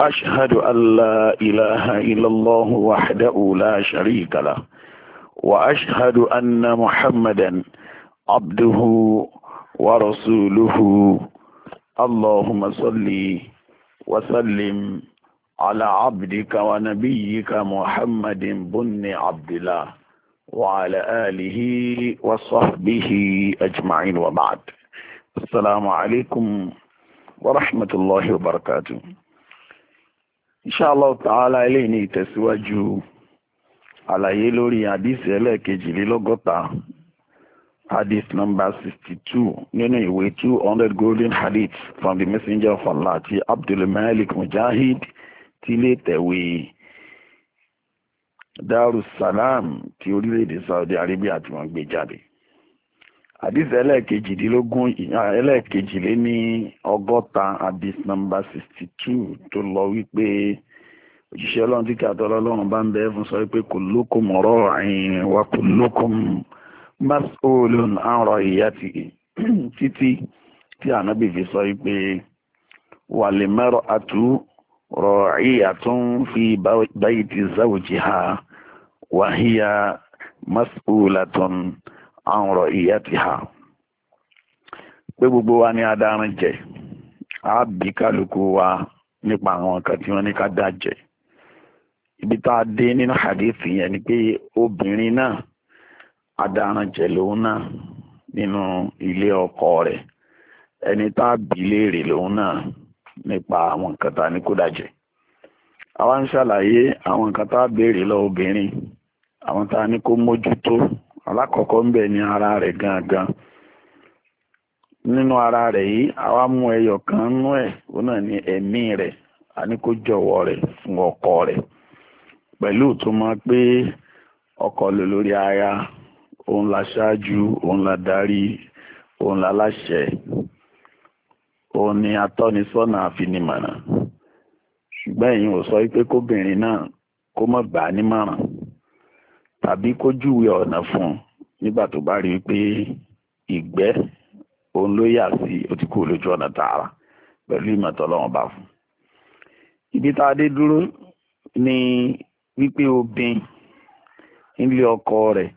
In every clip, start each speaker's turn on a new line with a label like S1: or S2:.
S1: أشهد أن لا إله إلا الله وحده لا شريك له وأشهد أن محمدا عبده ورسوله اللهم صل وسلم على عبدك ونبيك محمد بن عبد الله وعلى آله وصحبه أجمعين وبعد السلام عليكم ورحمة الله وبركاته inshallah ta'ala eléyìí ní ìtẹ̀síwájú àlàyé lórí àdìsí ẹlẹ́ẹ̀kejìlélọ́gọ́ta hadith number sixty-two nínú ìwé two hundred golden hadith from the messenger of allah ti abdulmalik mujahid ti ilé tẹ̀wé darussalam ti orílẹ̀-èdè saudi arabia tí wọ́n gbé jáde àdìsí ẹlẹ́ẹ̀kejìdínlógún ẹlẹ́ẹ̀kejìlé ní ọgọ́ta àdìsí nọmba sixty two tó lọ wípé òjíṣẹ́ ọlọ́run tí kí àtọ́lọ́ ọlọ́run bá ń bẹ fún sọ wípé kullukum ra'in wa kullukum mas'ulun an ra'iyatihi títí tí ànábì fi sọ wípé wal mar'atu ra'iyatun fi bayti zawjiha wa hiya mas'ulatun. àrùn ìyá ti hà pé gbogbo wa ní adarun jẹ á bí kálukú wa nípa àwọn nǹkan tí ní ká ibi tá a dé nínú hadithi yẹn ni pé obìnrin náà adarun jẹ lòun náà nínú ilé ọkọ rẹ ẹni tá a bí léèrè lòun náà nípa àwọn nǹkan alákọ̀ọ́kọ́ ń ara rẹ ara rẹ̀ gangan nínú ara rẹ̀ yìí àwa mú ẹyọ kan nú ẹ̀ òun náà ni ẹ̀mí rẹ̀ a jọ̀wọ́ rẹ̀ fún ọkọ rẹ̀ pẹ̀lú ìtumọ̀ pé ọkọ lò lórí aya la ṣáájú òun la darí òun la láṣẹ òun ni atọ́nisọ́nà àfinimọ̀nà ṣùgbọ́n ẹ̀yin ò sọ pé kóbìnrin náà kó tàbí kó júwe ọ̀nà fún un nígbà tó bá rí i pé ìgbẹ́ òun ló yà sí ó ti kú lójú ọ̀nà tààrà pẹ̀lú ìmọ̀tọ́ ọlọ́run bá fún un. ibi tá a dé dúró ni wípé obìnrin nílé ọkọ rẹ̀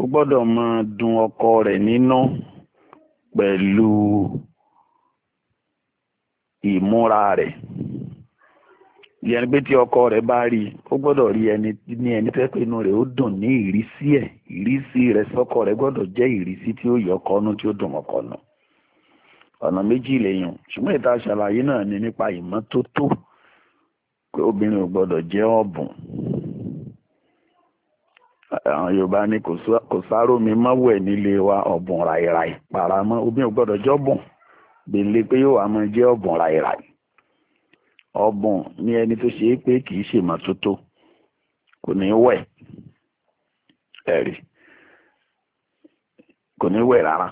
S1: ó gbọ́dọ̀ máa dùn ọkọ rẹ̀ nínú pẹ̀lú ìmúra rẹ̀ ìyẹn pé tí ọkọ rẹ̀ bá rí i ó gbọ́dọ̀ rí ẹni ní ẹni tẹ́ pé inú rẹ̀ ó dùn ní ìrísí ẹ̀ ìrísí rẹ̀ sọ́kọ rẹ̀ gbọ́dọ̀ jẹ́ ìrísí tí ó yọ ọkọ nú tí ó dùn ọkọ nù ọ̀nà méjì lèyàn ṣùgbọ́n ìta ṣàlàyé náà ni nípa ìmọ́tótó pé obìnrin ò gbọ́dọ̀ jẹ́ ọ̀bùn àwọn yorùbá ní kò sáró mi mọ́ wẹ̀ nílé wa ọ̀bùn ràìràì paramọ́ obìnrin ò gbọ́dọ̀ jẹ́ ọ̀bùn gbèlè pé yóò wá máa jẹ́ ọ̀bùn ràìràì ọ̀bùn ni ẹni tó ṣe é pé kì í ṣe mọ́tótó kò ní wẹ̀ ẹ̀rí kò ní wẹ̀ rárá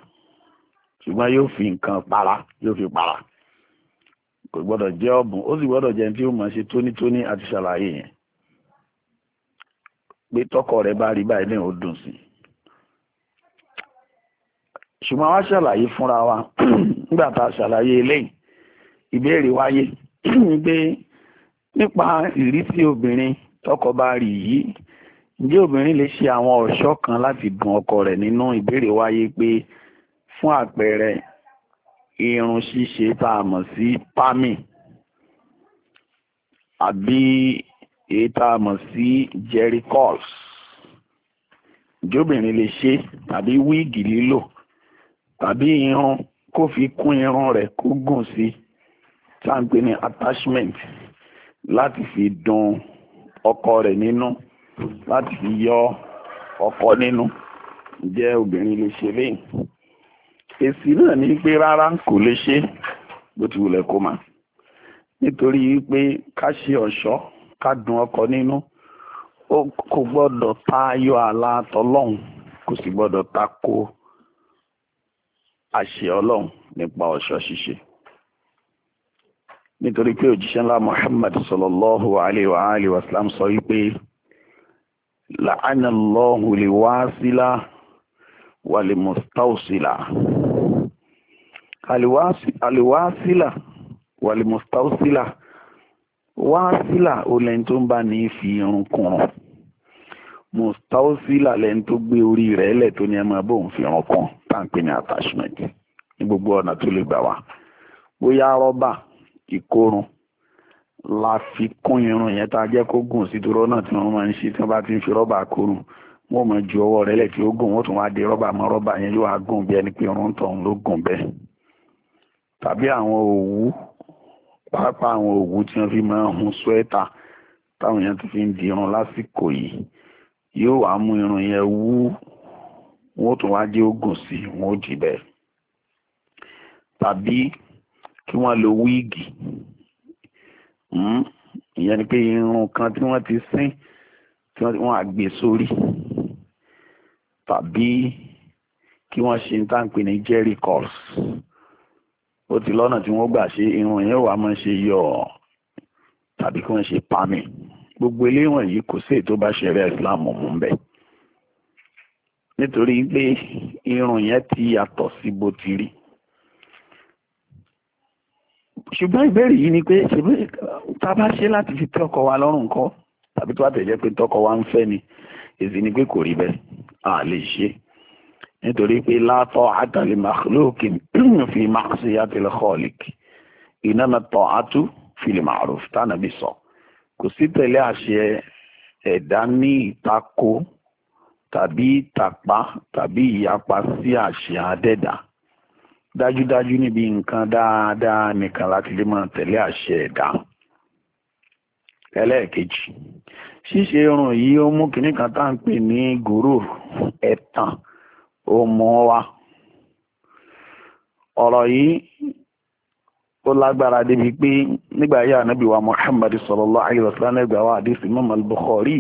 S1: ṣùgbọ́n yóò fi nǹkan para yóò fi para kò gbọ́dọ̀ jẹ́ ọ̀bùn ó sì gbọ́dọ̀ jẹ́ tí ó máa ṣe tónítóní àti ṣàlàyé yẹn pé tọkọ rẹ bá rí báyìí náà ó dùn sí ṣùgbọ́n wá ṣàlàyé fúnra wa nígbà tá a ṣàlàyé eléyìí ìbéèrè wáyé pé nípa ìrísí obìnrin tọkọ bá rí yìí ǹjẹ́ obìnrin lè ṣe àwọn ọ̀ṣọ́ kan láti dùn ọkọ rẹ̀ nínú ìbéèrè wáyé pé fún àpẹẹrẹ irun ṣíṣe tá a mọ̀ sí pámì àbí èyí tá a mọ̀ sí jerry calls ǹjẹ́ obìnrin lè ṣe tàbí wíìgì lílò tàbí irun kó fi kún irun rẹ̀ kó gùn sí i tá à ń pè ní attachment láti fi dùn ọkọ rẹ nínú láti fi yọ ọkọ nínú jẹ́ obìnrin lè ṣe léyìn èsì náà ní pé rárá kò lè ṣe bó ti wulẹ̀ kó máa nítorí wípé ká ṣe ọ̀ṣọ́ ká dùn ọkọ nínú ó kò gbọ́dọ̀ ayọ̀ àlà tọlọ́hun kò sì gbọ́dọ̀ tako àṣẹ ọlọ́hún nípa ọ̀ṣọ́ ṣíṣe. nítorí pé òjíṣẹ́ ńlá Muhammad sallallahu alayhi wa alihi wa sallam sọ wípé la'ana Allahu li wasila wa li mustawsila aliwasila wa li mustawsila wásílà ó lẹ́ni tó ń bá ní fi irun kùnrùn mustausila lẹ́ni tó gbé orí rẹ̀ lẹ̀ tó ní ẹ máa fi irun kùn ní attachment ní gbogbo ọ̀nà tó lè gbà wá bóyá rọ́bà ìkorun la fi kún irun yẹn tá a jẹ́ kó gùn sí dúró náà tí wọ́n máa ń ṣe tí wọ́n bá ti ń fi rọ́bà korun wọ́n mọ̀ ju ọwọ́ rẹ̀ lẹ̀ tí ó gùn wọ́n tún wá de rọ́bà mọ́ rọ́bà yẹn yóò wá gùn bí ẹni pé irun tọ̀hún ló gùn bẹ́ẹ̀ tàbí àwọn òwú pàápàá àwọn òwú tí wọ́n fi máa ń hun swẹ́tà táwọn èèyàn ti fi ń di irun lásìkò yìí yóò wá mú irun yẹn wú wọ́n tún wá jẹ́ ó gùn sí wọ́n ó dì bẹ́ẹ̀ tàbí kí wọ́n lo wíìgì hmm? ìyẹn ni pé irun kan tí wọ́n ti sín tí wọ́n àgbè sórí tàbí kí wọ́n ṣe ń tàǹpì ní jerry curls ó ti lọ́nà tí wọ́n gbà ṣe irun yẹn wàá máa ṣe yọ tàbí kí wọ́n ṣe pami gbogbo eléwọ̀n yìí kò sí ètò bá ṣẹ̀rẹ̀ Islam mú bẹ́ẹ̀ nítorí pé irun yẹn ti yàtọ̀ sí bó ti rí ṣùgbọ́n ìbéèrè yìí ni pé tá a bá ṣe láti fi tẹ́ ọkọ wa lọ́rùn kọ́ tàbí tó bá tẹ̀lé pé tọkọ wa ń fẹ́ ni èsì ni pé kò rí bẹ́ẹ̀ a lè ṣe nítorí pé látọ̀ àtàlẹ́ màlúùkì fi máa ṣe àtẹlẹ kọ́ọ̀lìkì iná máa tọ̀ àtú fìlì màrúf tánà bí sọ kò sí tẹ̀lé àṣẹ ẹ̀dá ní ìtako tàbí ìtàpá tàbí ìyapa sí àṣẹ adẹ́dàá dájúdájú níbi nǹkan dáadáa nìkan láti lè máa tẹ̀lé àṣẹ ẹ̀dá ẹlẹ́ẹ̀kejì ṣíṣe irun yìí ó mú kinní kan tá à ń pè ní gòrò ẹ̀tàn ó mọ́ wa ọ̀rọ̀ yìí ó lágbára débi pé nígbà yá ànábì wa Muhammad sallallahu alaihi wasallam ẹgbàá wa àdìsí Imam al-Bukhari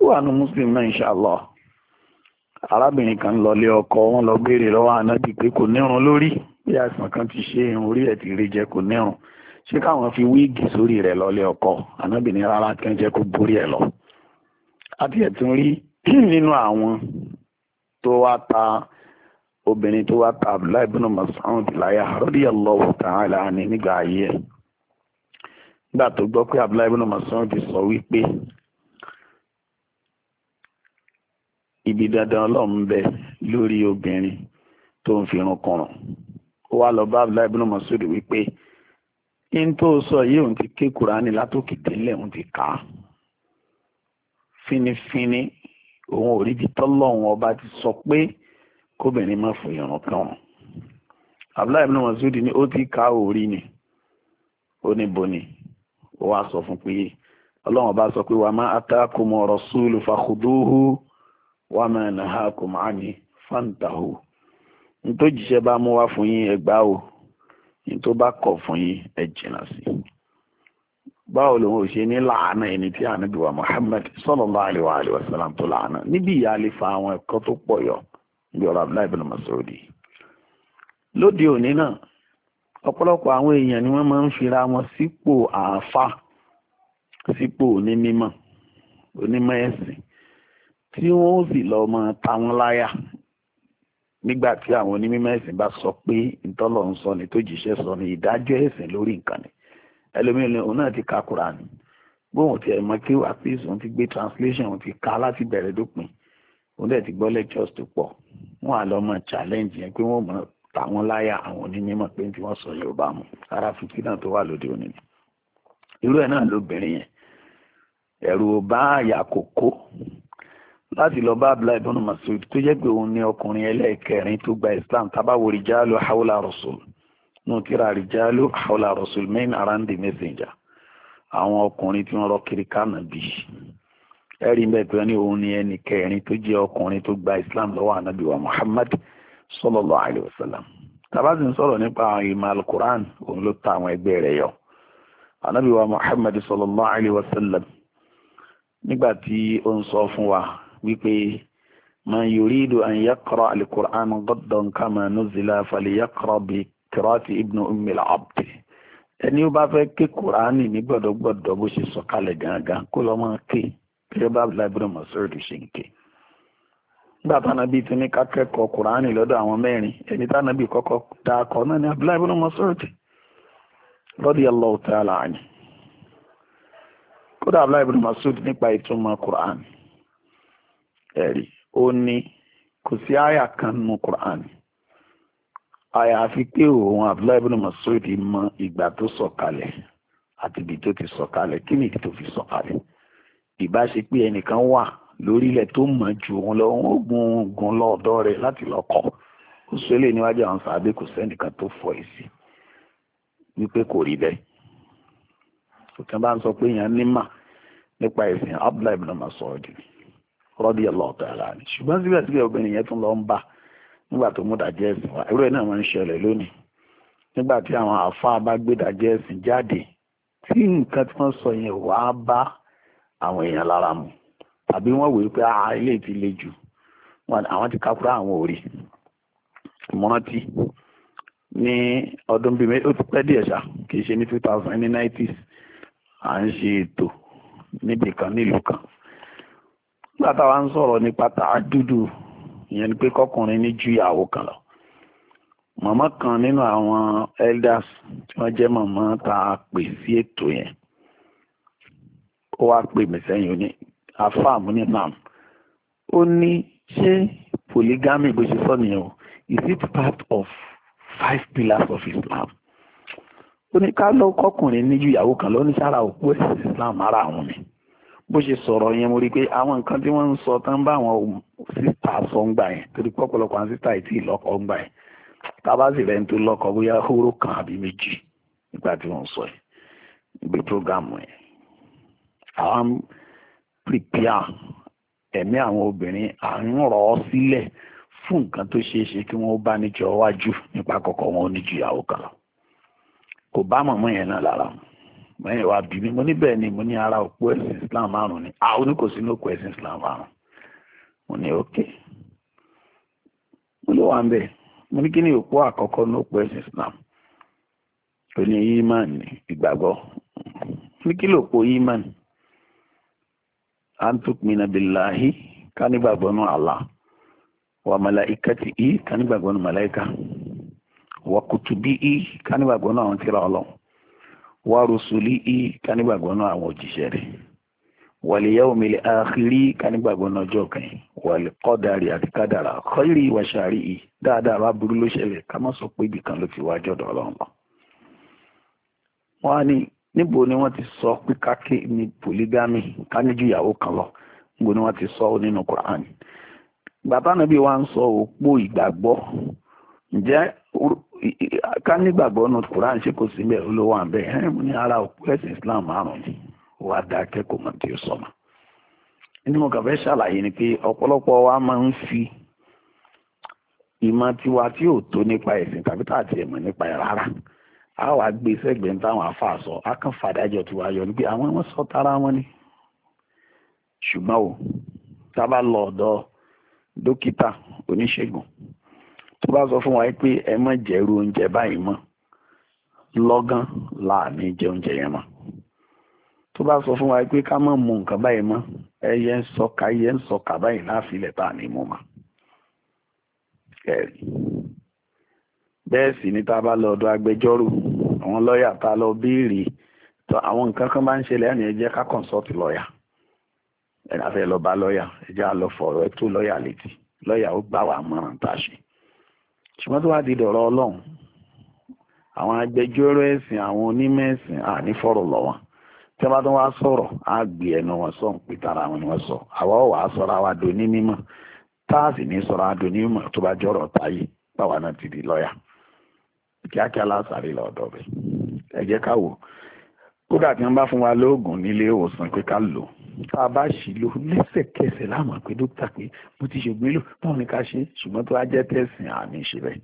S1: ó wà ní Muslim náà insha arábìnrin kan lọlé ọkọ wọn lọ béèrè lọ́wọ́ ànábì pé kò nírun lórí bí àìsàn kan ti ṣe irun orí ẹ̀ ti rí jẹ kò nírun ṣé káwọn fi wíìgì sórí rẹ̀ lọlé ọkọ ànábì ní rárá kí wọ́n jẹ́ kó borí ẹ̀ lọ. àti ẹ̀ tún rí nínú àwọn tó wá ta obìnrin tó wá ta abdullahi ibn Mas'ud láyà radiyallahu ta'ala anhu nígbà ayé ẹ̀ nígbà tó gbọ́ pé abdullahi ibn Mas'ud ti sọ wípé ibi dandan ọlọ́run ń bẹ lórí obìnrin tó ń fi irun kọrùn ó wá lọ bá Abdullahi ibn Mas'ud wípé in tó sọ yìí òun ti ké Kùránì látòkè délẹ̀ òun ti kà á fínífíní òun ò tọ́lọ́run ọba ti sọ pé kóbìnrin má fún irun Abdullahi ibn Mas'ud ni ó ti kà á ni ó ní bo ni ó wá sọ fún pé ọlọ́run ọba sọ pé wàá má atákùmọ̀ rasulu fakhudhuhu wà máa nà ha kò máa ní fáńtàhù nítorí jíṣẹ́ bá mú wá fún yín ẹ gbà o nítorí bá kọ̀ fún yín ẹ jìnnà sí i báwo ló ń ṣe ní làánà ẹni tí ànábì wa Muhammad sallallahu alaihi wa alihi wa sallam tó làánà níbi ìyá lè fa àwọn ẹ̀kọ́ tó pọ̀ yọ níbi ọ̀rọ̀ Abdullahi bin Mas'udi lóde òní náà ọ̀pọ̀lọpọ̀ àwọn èèyàn ni wọ́n máa ń fira wọn sípò àáfà sípò onímọ̀ onímọ̀ ẹ̀sìn tí wọ́n ó sì lọ mọ táwọn láyà nígbà tí àwọn onímọ̀ ẹ̀sìn bá sọ pé ìtọ́lọ̀ ń sọ ni tó jíṣẹ́ sọ ni ìdájọ́ ẹ̀sìn lórí nǹkan ni ẹlòmíràn òun náà ti ka Kùránì gbóhùn tí ẹ mọ kí wà òun ti gbé translation òun ti ka láti bẹ̀rẹ̀ dópin òun dẹ̀ ti gbọ́ lectures tó pọ̀ wọ́n á lọ mọ challenge yẹn pé wọ́n mọ táwọn láyà àwọn onímọ̀ pé tí wọ́n sọ Yorùbá mu ara fìtí náà tó wà lóde òní ni irú ẹ̀ náà lóbìnrin yẹn ẹ̀rù ò bá àyà kòkó láti lọ bá abdullahi ibn masud tó jẹ́ pé òun ni ọkùnrin ẹlẹ́ẹ̀kẹrin tó gba islam tabawo rijalu hawla rasul nù tíra rijalu hawla rasul men around the messenger àwọn ọkùnrin tí wọ́n rọ kiri kánà bí ẹ̀rí ń bẹ̀ pé ní òun ni ẹni kẹrin tó jẹ́ ọkùnrin tó gba islam lọ́wọ́ anabi wa muhammad sallallahu alayhi wa sallam tabazi ń sọ̀rọ̀ nípa àwọn ìmọ̀ alukur'an òun ló ta àwọn ẹgbẹ́ rẹ̀ yọ anabi wa muhammad sallallahu alayhi wa sallam nígbà ó ń sọ fún wa wípé man yuridu an yaqra al-Qur'an ghaddan kama nuzila falyaqra bi qira'ati ibnu ummi al-abd ẹni ó bá fẹ́ ké kùránì ní gbọ́dọ̀gbọ́dọ̀ bó ṣe sọ̀kalẹ̀ gangan kó lọ́ máa ké gẹ́gẹ́ bá láìpẹ́ mọ̀sọ́rọ̀dù ṣe ń ké nígbà tánábì ti ní ká kẹ́kọ̀ọ́ kùránì lọ́dọ̀ àwọn mẹ́rin ẹni tánábì kọ́kọ́ dá akọ náà ní abdullahi ibn Mas'ud radiyallahu ta'ala anhu kódà abdullahi ibn nípa ìtumọ̀ kùránì ẹ̀rí ó ní kò sí àyà kan nínú Qur'an àyàfi pé òun Abdullahi ibn Mas'ud mọ ìgbà tó sọ̀kalẹ̀ àti ibi tó ti sọ̀kalẹ̀ kí nìkí tó fi sọ̀kalẹ̀ ìbá ṣe pé ẹnìkan wà lórílẹ̀ tó mọ̀ ju òun lọ òun ó gun gun lọ́ọ̀dọ́ rẹ̀ láti lọ kọ́ ó sọ eléyìí níwájú àwọn sàábé kò sẹ́nìkan tó fọ èsì wípé kò rí bẹ́ẹ̀ òkè bá ń sọ pé èèyàn nímà nípa ẹ̀sìn Abdullahi ibn Mas'ud ni rọ́bì ọlọ́ọ̀tà ara ni ṣùgbọ́n síbẹ̀síbẹ̀ obìnrin yẹn tún lọ ń bà nígbà tó mú ìdájọ́ ẹ̀sìn wá irú ẹ̀ náà máa ń ṣẹlẹ̀ lónìí nígbà tí àwọn àáfàá bá gbé ìdájọ́ ẹ̀sìn jáde tí nǹkan tí wọ́n sọ yẹn wá bá àwọn èèyàn lára mu tàbí wọ́n wòye pé a ah, ilé ti le jù àwọn ti kakura àwọn òrì mọ́rántí ní ọdún bíi ó ti pẹ́ díẹ̀ ṣá kì í ṣe ní two thousand ní nineties à ń ṣe ètò níbì kan nílùú kan nígbà táwa ń sọ̀rọ̀ nípa tààdúdù ìyẹn ni pé kọkùnrin ní ju ìyàwó kan lọ màmá kan nínú àwọn elders tí wọ́n jẹ́ màmá tá a pè sí ètò yẹn ó wá pè mí sẹ́yìn oní afáàmù ní nam ó ní ṣé polygamy bó ṣe sọ nìyẹn o is it part of five pillars of Islam ó ní ká lọ kọkùnrin ní ju ìyàwó kan lọ ní sára òpó ẹ̀sìn Islam ara àwọn mi bó ṣe sọ̀rọ̀ yẹn mo rí i pé àwọn nǹkan tí wọ́n ń sọ tán bá àwọn sísà sọ ń gbà yẹn torí pé ọ̀pọ̀lọpọ̀ àwọn sísà yìí tí ì lọ́kọ ń gbà yẹn tábà sì rẹ̀ ń tó lọ́kọ bóyá hóró kan àbí méjì nígbà tí wọ́n sọ yẹn níbi prógámù yẹn. àwọn pìpìà ẹ̀mí àwọn obìnrin à ń rọ̀ ọ́ sílẹ̀ fún nǹkan tó ṣeé ṣe kí wọ́n bá níjọ wájú nípa kọ̀ọ̀kan wọn níjìyàwó kan kò bá mọ̀mọ́ yẹn náà lára mọ̀yìn wa bí mi mo níbẹ̀ ni mo ní ara òpó ẹ̀sìn Islam márùn ni àwọn ah, oníkòsí ní òpó ẹ̀sìn Islam márùn mo ní òkè mo ló wà ń bẹ̀ mo ní kí Islam ó ní yimán ìgbàgbọ́ ní kí antukmina nù malaikati i nù malaika kutubi i nù wa rusulihi kánígbàgbọ́ náà àwọn òjíṣẹ́ rẹ̀ wal yawmil akhiri kánígbàgbọ́ náà ọjọ́ kan wal qadari àti kádàrà khairi wa shari'i dáadáa bá burú ló ṣẹlẹ̀ ká má sọ pé ibì kan ló ti wá jọ̀dọ̀ ọlọ́run lọ. á ní níbo ni wọ́n ti sọ pé káké ní polygamy ká ní ìyàwó kan lọ níbo ni wọ́n ti sọ nínú Qur'an bàbá nàbí wa ń sọ òpó ìgbàgbọ́ ǹjẹ́ ká nígbàgbọ́ nu Quran ṣe kò síbẹ̀ ó ló wà bẹ́ẹ̀ ní ara òkú ẹ̀sìn Islam márùn-ún ni wàá da akẹ́kọ̀ọ́ mọ̀ tí ó sọ̀mọ́ ní mo kàn fẹ́ ṣàlàyé ni pé ọ̀pọ̀lọpọ̀ wa máa ń fi ìmọ̀ tiwa tí ò tó nípa ẹ̀sìn tàbí nípa ẹ̀ rárá a wà gbé tó bá sọ fún wa pé ẹ má jẹ́rú oúnjẹ báyìí mọ́ lọ́gán láàmì jẹ oúnjẹ yẹn mọ́ tó bá sọ fún wa pé ká má mu nǹkan báyìí mọ́ ẹyẹ ń sọkà ẹyẹ ń sọkà báyìí láàfilẹ̀ tá à ní mú mọ́ ẹ̀rí sì ni tá a bá lọ ọ̀dọ̀ agbẹjọ́rò àwọn lọ́ọ̀yà tá a lọ béèrè tó àwọn nǹkan kan bá ń ṣẹlẹ̀ ẹni ẹ jẹ́ ká consult lọ́ọ̀yà ẹni àfẹ́ lọ bá lọ́ọ̀yà ẹ jẹ́ á lọ fọ̀rọ̀ ẹ tó lọ́ọ̀yà létí lọ́ọ̀yà ó gbà wá mọ̀ràn tá a ṣe ṣùgbọ́n tó wá di dọ̀rọ̀ ọlọ́run àwọn agbẹjọ́rò ẹ̀sìn àwọn onímọ̀ ẹ̀sìn àní fọ̀rọ̀ lọ wọn tí wọ́n bá tún wá sọ̀rọ̀ á gbé ẹnu wọn sọ pé tara wọn ni wọ́n sọ àwa ò wá sọ̀rọ̀ àwa do ní mímọ̀ tá a sì ní sọ̀rọ̀ àwa do ní mímọ̀ tó bá jọ̀rọ̀ táyé báwa náà ti di lọ́ọ̀yà kíákíá lásàrí lọ́dọ̀ rẹ̀ ẹ jẹ́ ká wò kódà tí wọ́n bá fún wa lóògùn nílé ìwòsàn pé ká lò ó tá a bá ṣì lò lẹ́sẹ̀kẹsẹ̀ láwọn àpè dókítà pé mo ti ṣègbè lò báwo ni ká ṣe ṣùgbọ́n tó á jẹ́ tẹ̀sìn àmì ìṣẹ̀lẹ̀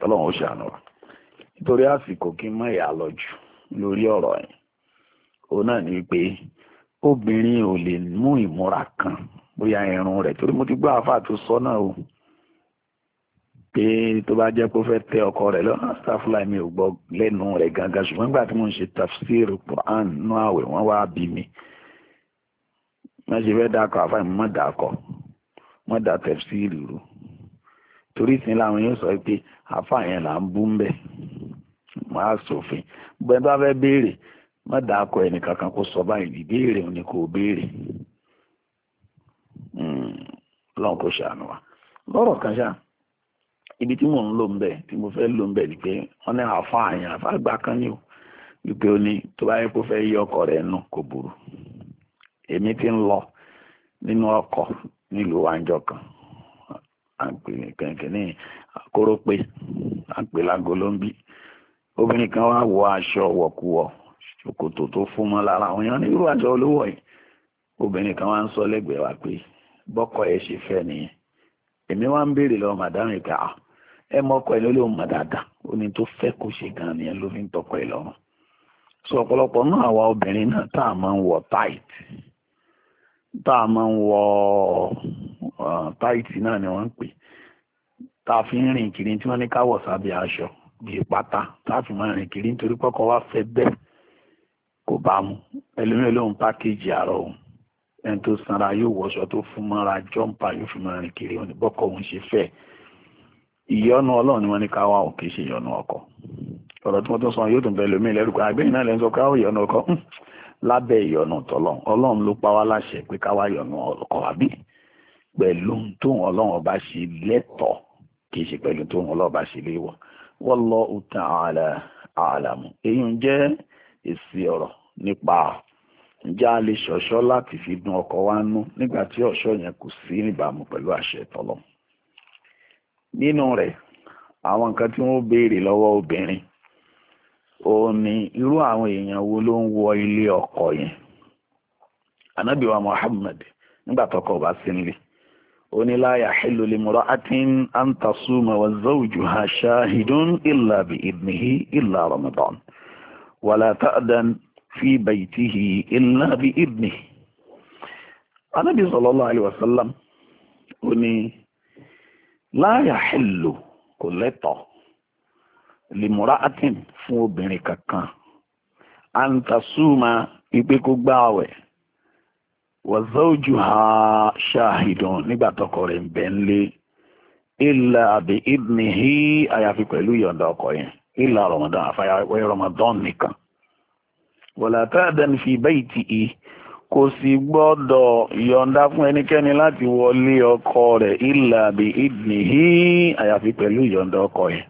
S1: tọ́lọ́run ó ṣàánú wa nítorí àsìkò kí n mọ̀ ìyá lọ jù lórí ọ̀rọ̀ yẹn òun náà ni pé obìnrin ò lè mú ìmúra kan bóyá irun rẹ̀ torí mo ti gbọ́ àáfà tó sọ náà o pé tó bá jẹ́ kó fẹ́ tẹ ọkọ rẹ̀ lọ́nà sáfúláì mi ò gbọ́ lẹ́nu rẹ̀ gangan ṣùgbọ́n nígbà tí mo ń ṣe tafsir Quran nú àwẹ̀ wọ́n wá bí mi wọ́n ṣe fẹ́ dákọ̀ àfáì mọ́ dákọ̀ mọ́ dá tẹ̀síìlì rú torí sin làwọn yóò sọ pé àfáì yẹn là ń bú ń bẹ̀ máa sòfin bẹ́ẹ̀ bá fẹ́ béèrè mọ́ dákọ̀ ẹnìkan kan kó sọ báyìí ìbéèrè òun ni kò béèrè hmm, lọ́n kò ṣàánú wa lọ́rọ̀ kan ṣáà ibi tí mò ń lò ń bẹ̀ tí mo fẹ́ lò ń bẹ̀ ni pé wọ́n ní àfáà yẹn àfáà gbà kan ní o wípé ó ní tó bá kó fẹ́ yí ọkọ rẹ̀ nù kò burú. èmi ti ń lọ nínú ọkọ nílùú àjọ kan kẹ̀kẹ́ ní kórópè àpè lágo obìnrin kan wá wọ aṣọ wọkuwọ ṣòkòtò tó fún mọ́ lára àwọn èèyàn ní kan wa pé ṣe nìyẹn èmi wá ń béèrè lọ ẹ mọ ọkọ ẹ ó ní tó kó ṣe gan nìyẹn ló fi ń tọkọ ẹ sọ ọ̀pọ̀lọpọ̀ náà a máa ń tá a máa ń wọ táìtì náà ni wọ́n ń pè tá a fi ń rìn kiri tí wọ́n ní ká wọ̀ sábẹ́ aṣọ bíi pátá tá a fi máa rìn kiri nítorí pọ́kọ wá fẹ́ bẹ́ẹ̀ kò bá mu ẹlòmíràn lòun pákéjì àárọ̀ òun ẹni tó sanra yóò wọṣọ tó fún mọ́ra jọ́ǹpà yóò fi máa rìn kiri òun bọ́kọ òun ṣe fẹ́ ìyọnu ọlọ́run ni wọ́n ní ká wá òkè ṣe ìyọnu ọkọ ọ̀rọ̀ tí wọ́n tún sọ yóò tún bẹ lábẹ́ ìyọnu tọ́lọ́n ọlọ́run ló pa wá láṣẹ pé ká wá yọnu ọkọ àbí pẹ̀lú tó ọlọ́run ọba ṣe lẹ́tọ̀ọ́ kì í ṣe pẹ̀lú tó ọlọ́run ọba ṣe léwọ̀ wallahu ta'ala a'lamu èyí ń jẹ́ èsì ọ̀rọ̀ nípa ǹjẹ́ a lè ṣọ̀ṣọ́ fi dun ọkọ̀ wa nú nígbà tí ọ̀ṣọ́ yẹn kò sí níbàámu pẹ̀lú àṣẹ tọ́lọ́n nínú rẹ̀ àwọn nǹkan tí wọ́n béèrè lọ́wọ́ obìnrin òun ni irú àwọn èèyàn wo ló ń wọ ilé ọkọ yẹn anabi wa muhammad nígbà tọkọ bá sí nílé ó ní la yahillu limra'atin an tasuma wa zawjuha shahidun illa bi idnihi illa ramadan wala ta'dan fi baytihi illa bi idnihi anabi sallallahu alaihi ó ní la yahillu kò lẹ́tọ̀ọ́ limuraatin fún obìnrin kankan antasuma ipe kó gbá àwẹ̀ wàzọ́jú ha ṣáàhìdàn nígbà tọkọ rẹ̀ ń bẹ ń lé ilà àbí ìdìníhì àyàfi pẹ̀lú ìyọ̀ǹda ọkọ yẹn ilà rọmọdán àfàyàwẹ̀ rọmọdán nìkan wọ̀là tààdán fi bẹ́ẹ̀ tì í kò sì gbọ́dọ̀ yọ̀ǹda fún ẹnikẹ́ni láti wọlé ọkọ rẹ̀ ilà àbí ìdìníhì àyàfi pẹ̀lú ìyọ̀ǹda ọkọ̀ yẹn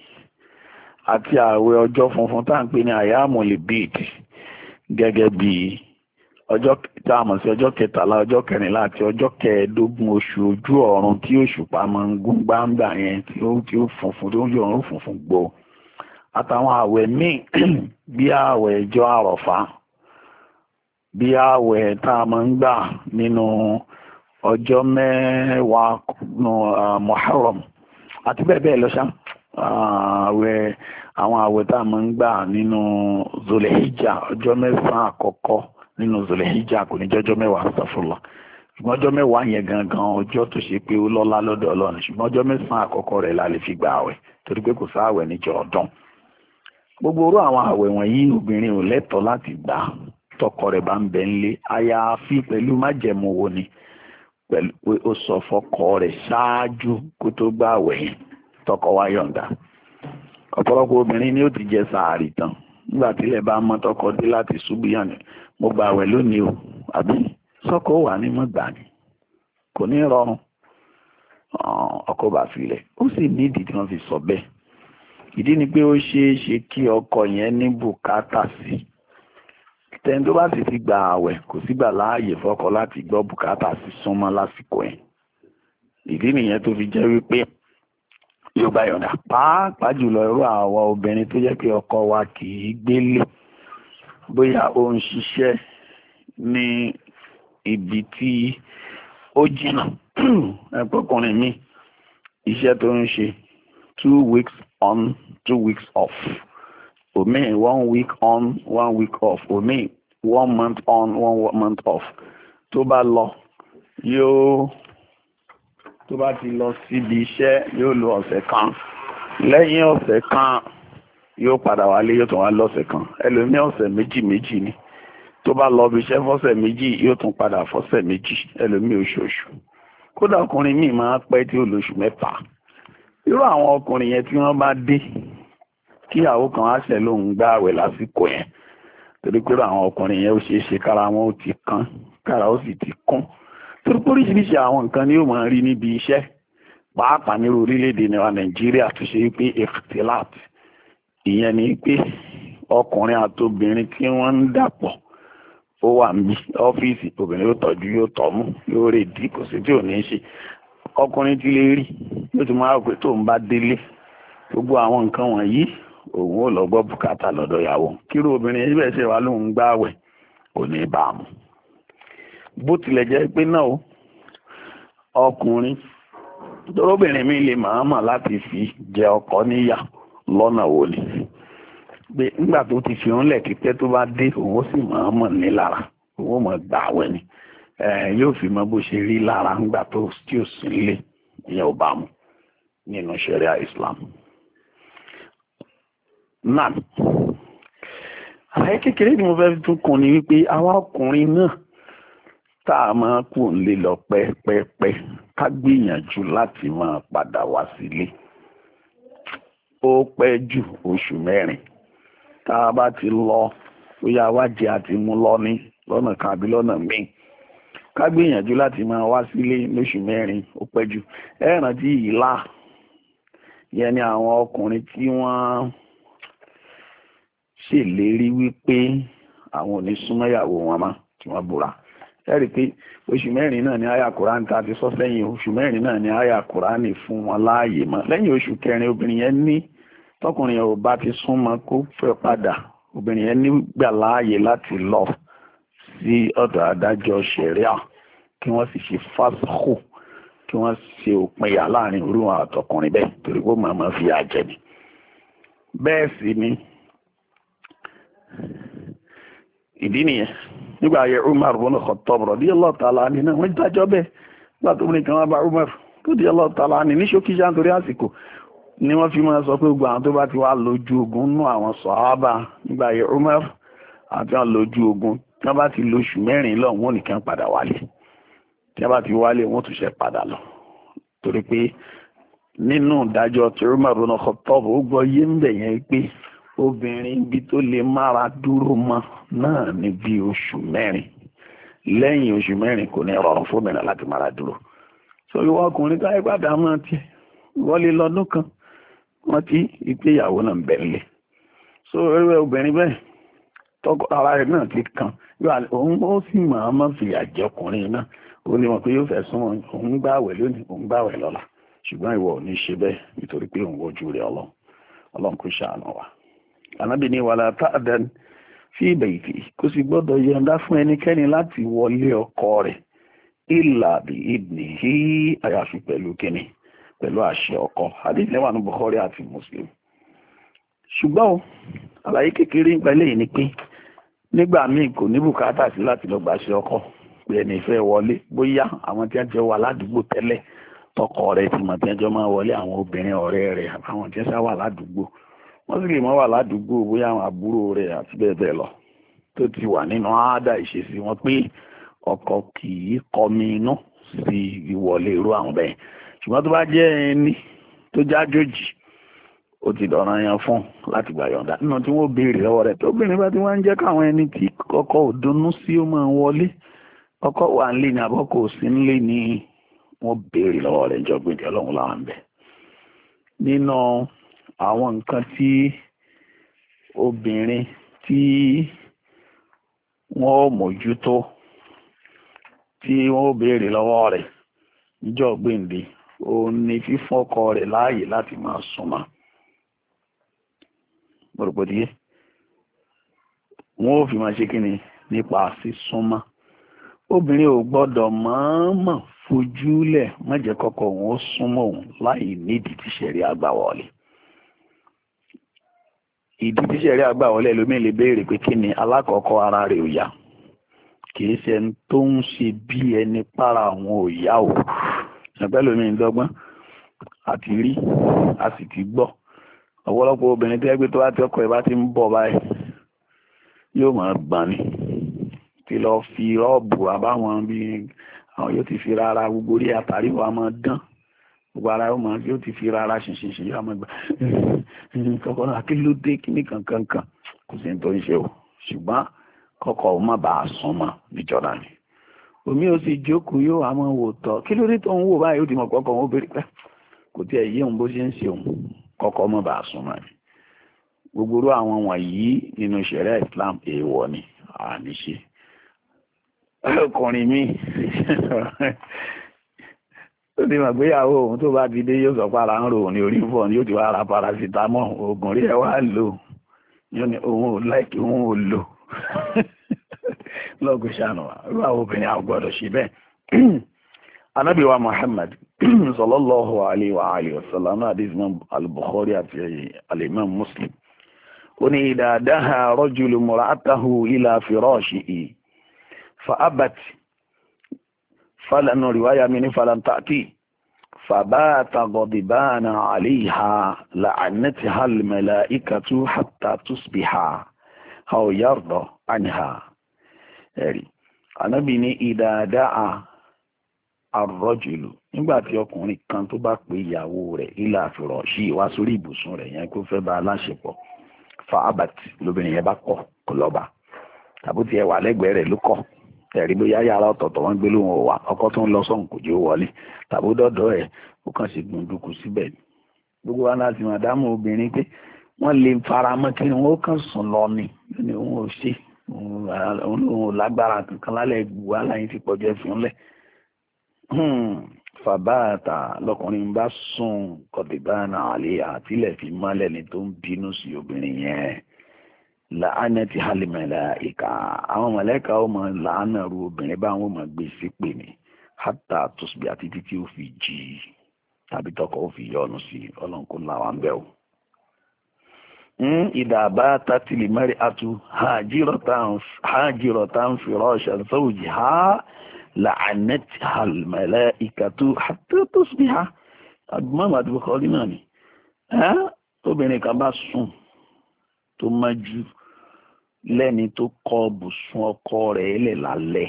S1: àti ààwẹ̀ ọjọ́ funfun tá à ń pè ní àyàmùlì bid gẹ́gẹ́ bí ọjọ́ tá a mọ̀ sí ọjọ́ kẹtàlá ọjọ́ kẹrìnlá àti ọjọ́ kẹẹ̀ẹ́dógún oṣù ojú ọ̀run tí òṣùpá máa ń gún gbáǹgbà yẹn tí ó tí ó funfun tí ó yọ ọ̀run funfun gbò àtàwọn ààwẹ̀ míì bí ààwẹ̀ ọjọ́ àrọ̀fá bí ààwẹ̀ tá ń gbà nínú ọjọ́ mẹ́wàá nù Muharram àti bẹ́ẹ̀ bẹ́ẹ̀ lọ ṣáà ààwẹ̀ àwọn ààwẹ̀ tá a máa ń gbà nínú zolehijja ọjọ́ mẹ́sàn-án àkọ́kọ́ nínú zolehijja kò ní jọ́jọ́ mẹ́wàá sàfùlọ̀ ṣùgbọ́n ọjọ́ mẹ́wàá yẹn gangan ọjọ́ tó ṣe pé ó lọ́lá lọ́dọ̀ ọlọ́run ṣùgbọ́n ọjọ́ mẹ́sàn-án àkọ́kọ́ la lè fi gba ààwẹ̀ torí pé kò sáàwẹ̀ níjọ́ ọdún gbogbo orú àwọn ààwẹ̀ wọ̀nyí obìnrin ò lẹ́tọ̀ọ́ láti gbà tọkọ rẹ̀ bá ń bẹ ńlé àyàfi pẹ̀lú májẹ̀mú wo ni pẹ̀lú pé ó sọ fọkọ rẹ̀ ṣáájú kó tó gbà ààwẹ̀ tọkọ wa yọ̀ǹda ọ̀pọ̀lọpọ̀ obìnrin ni ó ti jẹ sàárì tán nígbà tílẹ̀ bá mọ́ tọkọ dé láti ṣubú yàn ni mo gbà wẹ̀ lónìí o àbí sọ́kọ wà ní mọ̀gbà ni kò ní rọrùn ọkọ bá filẹ̀ ó sì nídìí tí wọ́n fi sọ bẹ́ẹ̀ ìdí ni pé ó ṣeé ṣe kí ọkọ yẹn ní bùkátà sí tẹni tó bá sì ti gba ààwẹ̀ kò sígbà láàyè fọkọ láti gbọ́ bùkátà sí súnmọ́ lásìkò yẹn ìdí nìyẹn tó fi jẹ́ wípé yóò bá yọ̀ǹda pàápàá jùlọ irú àwa obìnrin tó jẹ́ pé ọkọ wa kì í gbélé bóyá ó ń ṣiṣẹ́ ní ibi tí ó jìnnà ẹ̀pọ̀kùnrin mi iṣẹ́ tó ń ṣe two weeks on two weeks off omi one week on one week off omi one month on one month off tó bá lọ yóò tó bá ti lọ síbi iṣẹ́ yóò lo ọ̀sẹ̀ kan lẹ́yìn ọ̀sẹ̀ kan yóò padà wálé yóò tún wá lọ́sẹ̀ kan ẹlòmí ọ̀sẹ̀ méjì méjì ni tó bá lọ ibiṣẹ́ fọ́sẹ̀ méjì yóò tún padà fọ́sẹ̀ méjì ẹlòmí oṣooṣù kódà ọkùnrin míì máa pẹ́ tí ó lóṣù mẹ́ta irú àwọn ọkùnrin yẹn tí wọ́n bá dé kíyàwó kan á ṣẹ̀ lóun gbá àwẹ̀ lásìkò yẹn torí pé àwọn ọkùnrin yẹn ó ṣeé ṣe kára wọn ó ti kán kára ó sì ti kún torí oríṣiríṣi àwọn nǹkan ni ó máa rí níbi iṣẹ́ pàápàá ní orílẹ̀-èdè nàìjíríà tó ṣe pé ectilat ìyẹn ni pé ọkùnrin àtobìnrin tí wọ́n ń dàpọ̀ ó wà níbi ọ́fíìsì obìnrin yóò tọ́jú yóò tọ́mú yóò rè dí kò sí tí ò ní ṣe ọkùnrin ti lè rí yóò ti máa pè tó ń bá délé gbogbo àwọn nǹkan wọ̀nyí òun ò lọ gbọ́ bùkátà lọ́dọ̀ ìyàwó kírú obìnrin yìí ṣe wà lóun gbáwẹ̀ kò ní bá a mú bó tilẹ̀ jẹ́ pé náà o ọkùnrin torobìnrin mi lè máa mọ̀ láti fi jẹ ọkọ níyà lọ́nà wo ni pé nígbà tó ti fi ń lẹ̀ títẹ́ tó bá dé òun ó sì máa mọ̀ ní lára ó mọ̀ gbà àwẹ̀ ni yóò fi mọ bó ṣe rí lára nígbà tó tí ò sí nílé ìyẹn ò bá mu nínú ṣẹ̀ríà Islam. náà àyè kékeré ni mo fẹ́ tún kún ní wípé àwọn ọkùnrin náà tá a máa kù nílé lọ pẹ́pẹ́pẹ́ ká gbìyànjú láti máa padà wá sílé ó pẹ́ jù oṣù mẹ́rin tá a bá ti lọ bóyá wájẹ àti mú lọ ní lọ́nà kan àbí lọ́nà míì ká gbìyànjú láti máa wá sílé lóṣù mẹ́rin ó pẹ́ jù ẹ rántí ìlà yẹn ni àwọn ọkùnrin tí wọ́n ṣèlérí wípé àwọn ò ní súnmọ́ ìyàwó wọn mọ́ tí wọ́n búra ẹ̀rí pé oṣù mẹ́rin náà ni àyà kùránì tá a ti sọ sẹ́yìn oṣù mẹ́rin náà ni àyà kùránì fún wọn láàyè mọ́ lẹ́yìn oṣù kẹrin obìnrin yẹn ní tọkùnrin yẹn ò bá ti súnmọ́ kó fẹ́ padà obìnrin yẹn nígbà láàyè láti lọ sí ọ̀dọ̀ adájọ́ ṣẹ̀ríà kí wọ́n sì ṣe fásitì kí wọ́n ṣe òpinya láàrin irú àwọn àtọkùnrin bẹ́ẹ̀ torí pé màmá fi àjẹni bẹ́ẹ̀ sì ni ìdí nìyẹn nígbà ayẹ Umar bọ́nà Khattab radiyallahu ta'ala anhu náà wọ́n dájọ́ bẹ́ẹ̀ nígbà tó ní kan wá bá Umar radiyallahu ta'ala anhu ní ṣókí ṣá nítorí àsìkò ni wọ́n fi máa sọ pé gbogbo àwọn tó bá ti wá lójú ogun nú àwọn sàhábà nígbà ayẹ Umar àti àwọn lójú ogun tí wọ́n bá ti lóṣù mẹ́rin lọ wọ́n nìkan padà wálé tí wọ́n bá ti wálé wọ́n tún ṣe padà lọ torí pé nínú ìdájọ́ tí Umar bọ́nà Khattab ó gbọ́ yé ń bẹ̀ pé obìnrin ibi tó lè mára dúró mọ́ náà ní bí oṣù mẹ́rin lẹ́yìn oṣù mẹ́rin kò ní rọrùn fóbìnrin láti mára dúró so ìwọ ọkùnrin tó ayé gbàdá mọ́ tiẹ̀ wọ́n lè lọ́dún kan wọ́n ti ìgbéyàwó náà ń bẹ̀ so ẹgbẹ́ obìnrin bẹ́ẹ̀ tọkọ ara rẹ̀ náà ti kàn òun ó sì máa má fìyà jẹ ọkùnrin náà ó ní wọn pé yóò fẹ́ súnmọ́ òun gbààwẹ̀ lónìí òun gbààwẹ̀ lọ́la ṣùgbọ́n ìwọ ò ní ṣe bẹ́ẹ̀ nítorí pé òun wojú rẹ̀ ọlọ́run ọlọ́run kò ṣàánú wa ànábì ní wàlá ta'dan fi bayti kò sì gbọ́dọ̀ yọ̀ǹda fún ẹnikẹ́ni láti wọlé ọkọ rẹ̀ ìlà bí idnihi àyàfi pẹ̀lú kínní pẹ̀lú àṣẹ ọkọ hadith lẹ́wà ní Bukhari àti Muslim ṣùgbọ́n o àlàyé kékeré nípa eléyìí ni pé nígbà míì kò ní bùkátà sí láti lọ gbàṣẹ ọkọ pé ẹni fẹ́ wọlé bóyá àwọn tí wọ́n jẹ́ wà ládùúgbò tẹ́lẹ̀ tọkọ rẹ̀ ti mọ̀ tí wọ́n jọ máa wọlé àwọn obìnrin ọ̀rẹ́ rẹ̀ àwọn tí wọ́n sá wà ládùúgbò wọ́n sì lè mọ́ wà ládùúgbò bóyá àwọn àbúrò rẹ̀ àti bẹ́ẹ̀ bẹ́ẹ̀ lọ tó ti wà nínú àádá ìṣesí wọn pé ọkọ kì í kọmi inú sí ìwọlé irú àwọn bẹ́ẹ̀ ṣùgbọ́n tó bá jẹ́ ẹni tó jájòjì ó ti dọ̀ràn yan fún láti gbà yọ̀ǹda nínú tí wọ́n béèrè lọ́wọ́ rẹ̀ tó obìnrin bá ti wá ń jẹ́ káwọn ẹni tí ọkọ ò dunnú sí ó máa wọlé ọkọ wà ń lé ní abọ́ kò sí ń lé ní wọ́n béèrè lọ́wọ́ rẹ̀ jọ gbèdé ọlọ́run láwọn ń bẹ̀ nínú. àwọn nǹkan tí obìnrin tí wọ́n ó mójútó tí wọ́n béèrè lọ́wọ́ rẹ̀ níjọ́ gbèǹde òun ni fífún ọkọ rẹ̀ láàyè láti máa súnmọ́ pòròpòdìyẹ wọn ò fi máa ṣe kí ni nípa sísúnmọ́ obìnrin ò gbọ́dọ̀ mọ̀ọ́mọ̀ fojúlẹ̀ má jẹ́ kọ́kọ́ òun ó súnmọ́ òun láì nídìí tíṣẹ̀rí agbáwọlé. ìdí tí sẹ̀rí àgbà wọlé ẹlòmíì lè béèrè pé kí ni alákọ̀ọ́kọ́ ara rẹ̀ ò yá kì í ṣe ẹni tó ń ṣe bí ẹni para àwọn ò yá o ṣùgbọ́n ẹlòmíì ń dọ́gbọ́n àti rí a sì ti gbọ́ ọ̀pọ̀lọpọ̀ obìnrin tó yẹ tó bá ti ọkọ ẹ̀ bá ti ń bọ̀ báyìí yóò máa gbọ̀n ni ti lọ fi rọ́ọ̀bù àbáwọn bíi àwọn yóò ti fi rárá gbogbo orí àtàrí wa dán gbogbo ara ó mọ̀ yóò ti fi rárá ṣinṣinṣin yóò mọ̀ gbà kọ́kọ́ náà kí ló dé kíní kankan kan kò sí ní tó ń ṣe o ṣùgbọ́n kọ́kọ́ ó má bàa sùn mọ́ níjọba ni omi ó sì jókòó yóò àmọ́ wò tọ́ kí ló dé tó ń wò báyìí ó ti mọ̀ kọ́kọ́ wọn ó béèrè kò tí ẹ̀ yé òun bó ṣe ń ṣe òun kọ́kọ́ má bàa sùn mọ́ ni gbogbo irú àwọn wọ̀nyí nínú ìṣẹ̀rẹ́ Islam èèwọ̀ ni àníṣe ọkùnrin mi ó ti mọ̀ pé ìyàwó òun tó bá ti dé yóò sọ para ń ro òun ní orí fọ́ ni yóò ti wá ra paracetamol oògùn rí ẹ wá lò yóò ní òun ò láìkí òun ò lò lọ́gùn ṣàánú irú àwọn obìnrin àgbọ̀dọ̀ ṣe bẹ́ẹ̀. Ànábì wa Muhammad sallallahu alayhi wa alihi wa sallam hadith imam al-Bukhari àti al Muslim ó ní idha daha rajulu mura'atahu ila firashihi fa abat fàlànà rìwáyà mi ní fàlàntàtì fàbáàtà gọ̀dìbáàna àléhà làánẹ́tì hàlmẹ̀lá ìkàtú hàtà tùsbìhà àwòyàrdọ̀ àníhà ẹ̀rí anábì ní ìdáadáa àrọ́jùlù nígbà tí ọkùnrin kan tó bá pe ìyàwó rẹ̀ ilà àfihàn sí ìwá sórí ibùsùn rẹ̀ yẹn kó fẹ́ bá aláṣepọ̀ fa abat lóbìnrin yẹn bá kọ̀ kó lọ́ba tàbí tiẹ̀ wà lẹ́gbẹ̀ẹ́ rẹ̀ ló kọ̀ ẹ̀rí bóyá yàrá ọ̀tọ̀ọ̀tọ̀ wọ́n gbé lóhùn ọ̀wà ọkọ tó ń lọ sọ́hùn kò jẹ́ wọlé tàbó dọ́dọ̀ ẹ̀ ó kàn sí gbòǹdùkú síbẹ̀ ni gbogbo wa láti mọ̀ dámọ̀ obìnrin pé wọ́n lè fara mọ́ kí wọ́n kàn sùn lọ ni ní òun ò ṣe òun ò lágbára kankan lálẹ́ gbùgbà láyé ti pọ̀jù ẹ̀fìn lẹ̀ hmm. fàbáàtà lọkùnrin bá sùn kọ̀dìbánà àlè àtìlẹ̀ fi mọ́lẹ̀ ni tó ń bínú sí obìnrin yẹn làánà ti halimẹ̀lá ìka àwọn mọ̀lẹ́ka ó mọ làánà ru obìnrin báwọn ó mọ gbé sípè ní hátà tòṣìbí àti títí ó fi jì í tàbí tọkọ ó fi yọnu sí i ọlọ́run kò làwọn bẹ́ẹ̀ o. ìdá bá tatìlì mẹ́rin atu hajirọ̀tà ń fi rọ́ọ̀ṣà sọ́wọ́jì ha làánà ti halimẹ̀lá ìka tó ha mọ́mọ́ àdúgbò kọ́lí náà ni obìnrin kan bá sùn tó máa ju lẹ́ni tó kọ bùsùn ọkọ rẹ̀ lẹ̀ lálẹ́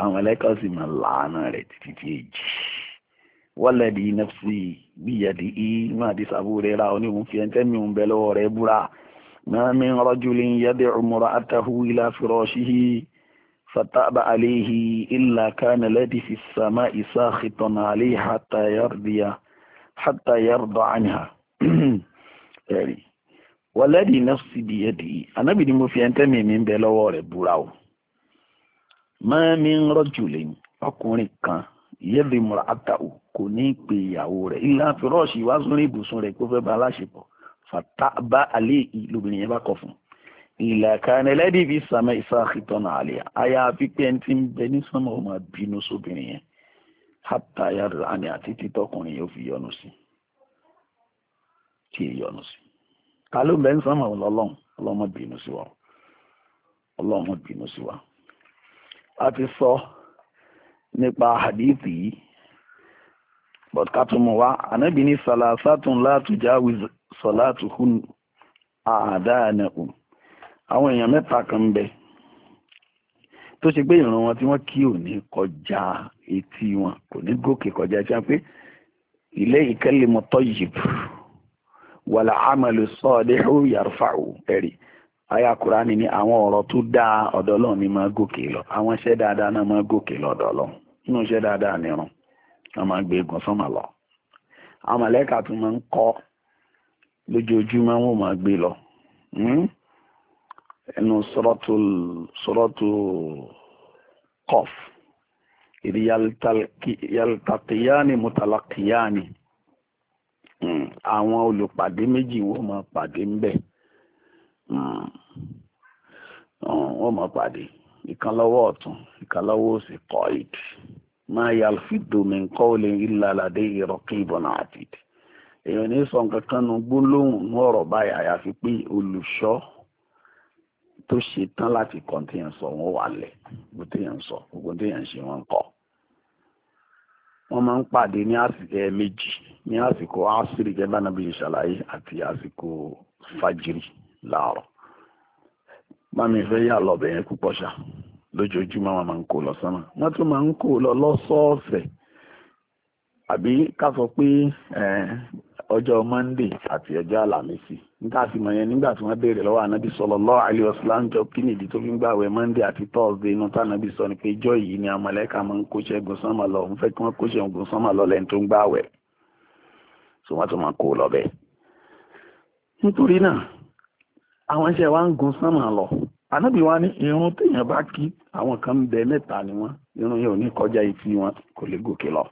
S1: àwọn ẹlẹ́kọ̀ọ́ sì máa làánà rẹ̀ títí tí èjì wọ́lẹ̀dì nẹ́fṣì bíyẹ̀dì í máa di sàbúrẹ́ ra oníhun fi ẹ̀ńtẹ́ mi ń bẹ lọ́wọ́ rẹ̀ búra máa mi rọ́jú lè ń yẹ́dẹ̀ ọmọrọ̀ àtàhù ilá fìrọ̀ sí i fataba ilà kánà lẹ́dí fi sàmà ìsá àkìtọ̀nà àléhi hàtà yàrdìyà hàtà yàrdọ̀ àníhà wọlẹ́dì nafsi biyẹ́dì anábì ni mo fi ẹ̀ńtẹ́ mi mi ń bẹ lọ́wọ́ rẹ̀ búra o máa mi ń rọ́jù lẹ́yìn ọkùnrin kan yẹ́dì mura àtàwù kò ní í pe ìyàwó rẹ̀ ilá fìrọ́ọ̀ṣì wá sórí ibùsùn rẹ̀ kó fẹ́ bá aláṣepọ̀ fàtà bá alẹ́ lóbìnrin yẹn bá kọ̀ fún ìlà kan ẹlẹ́dì fi sàmẹ́ ìsáàkìtọ́nà àlẹ́ àyà àfikẹ́ ẹni tí ń bẹ ní sánmọ́ ọmọ bínú sóbìnrin yẹn hàtà yàrá àní àti títọ́kùnrin yóò fi yọnu sí ta ló bẹ ń sánmà ọlọ́run ọlọ́run bínú sí wa ọlọ́run bínú sí wa a ti sọ nípa hadithi yìí but ká tún mú wa ànábì ní salasatun látújá with sọlátù hun àádáànàkùn àwọn èèyàn mẹ́ta kan ń bẹ tó ṣe pé ìran wọn tí wọ́n kí ò ní kọjá etí wọn kò ní gòkè kọjá etí wọn pé ilé ìkẹ́lẹ́mọ̀tọ́ yìí wàlà amalu sọ́ọ̀dẹ́hù yarfa'u ẹ̀rí àyà kùránì ní àwọn ọ̀rọ̀ tó dáa ọ̀dọ̀ Ọlọ́run ni máa gòkè lọ àwọn iṣẹ́ dáadáa náà máa gòkè lọ ọ̀dọ̀ Ọlọ́run nínú iṣẹ́ dáadáa nìrun wọ́n máa gbé egun sọ́mà lọ àwọn mọ̀lẹ́kà tó máa ń kọ́ lójoojúmọ́ wọn máa gbé lọ hmm? ẹnu sọ́rọ́tù kọ́f ìdí yàltàkìyàní mùtàlàkìyàní. Hmm. àwọn olùpàdé méjì wọ́n máa pàdé ńbẹ̀ hmm. wọ́n ma pàdé ìkan lọ́wọ́ ọ̀tún ìkan lọ́wọ́ òsì ma ya min qawlin illa ladayhi raqibun atid èèyàn ní sọ nǹkan kan nu gbólóhùn ní ọ̀rọ̀ báyìí àyàfi pé tó ṣe tán láti tí yẹn sọ wọn wà tí yẹn sọ gbogbo tí yẹn ṣe wọn máa ní àsìkò asiri gẹ́gẹ́ náà bí ṣàlàyé àti àsìkò fajiri láàrọ̀ má mi fẹ́ yà lọ́bẹ̀ yẹn púpọ̀ ṣá lójoojúmọ́ wọn máa ń kó lọ sánmà wọ́n tún máa ń kó lọ lọ́sọ̀ọ̀sẹ̀ àbí ká sọ pé ọjọ́ monday àti ọjọ́ alámísì nígbà tí mo yẹn nígbà tí wọ́n béèrè lọ́wọ́ ànábì jọ kí nìdí tó fi ń àti thursday sọ ni pé ni máa ń gùn sánmà lọ fẹ́ kí wọ́n gùn sánmà so wọ́n tún máa kó lọ bẹ́ẹ̀ nítorí náà àwọn iṣẹ́ wa ń gun sánmà lọ ànábì wa ní irun téèyàn bá kí àwọn kan bẹ mẹ́ta ni wọ́n irun yẹn ò ní kọjá etí wọn kò lè gòkè lọ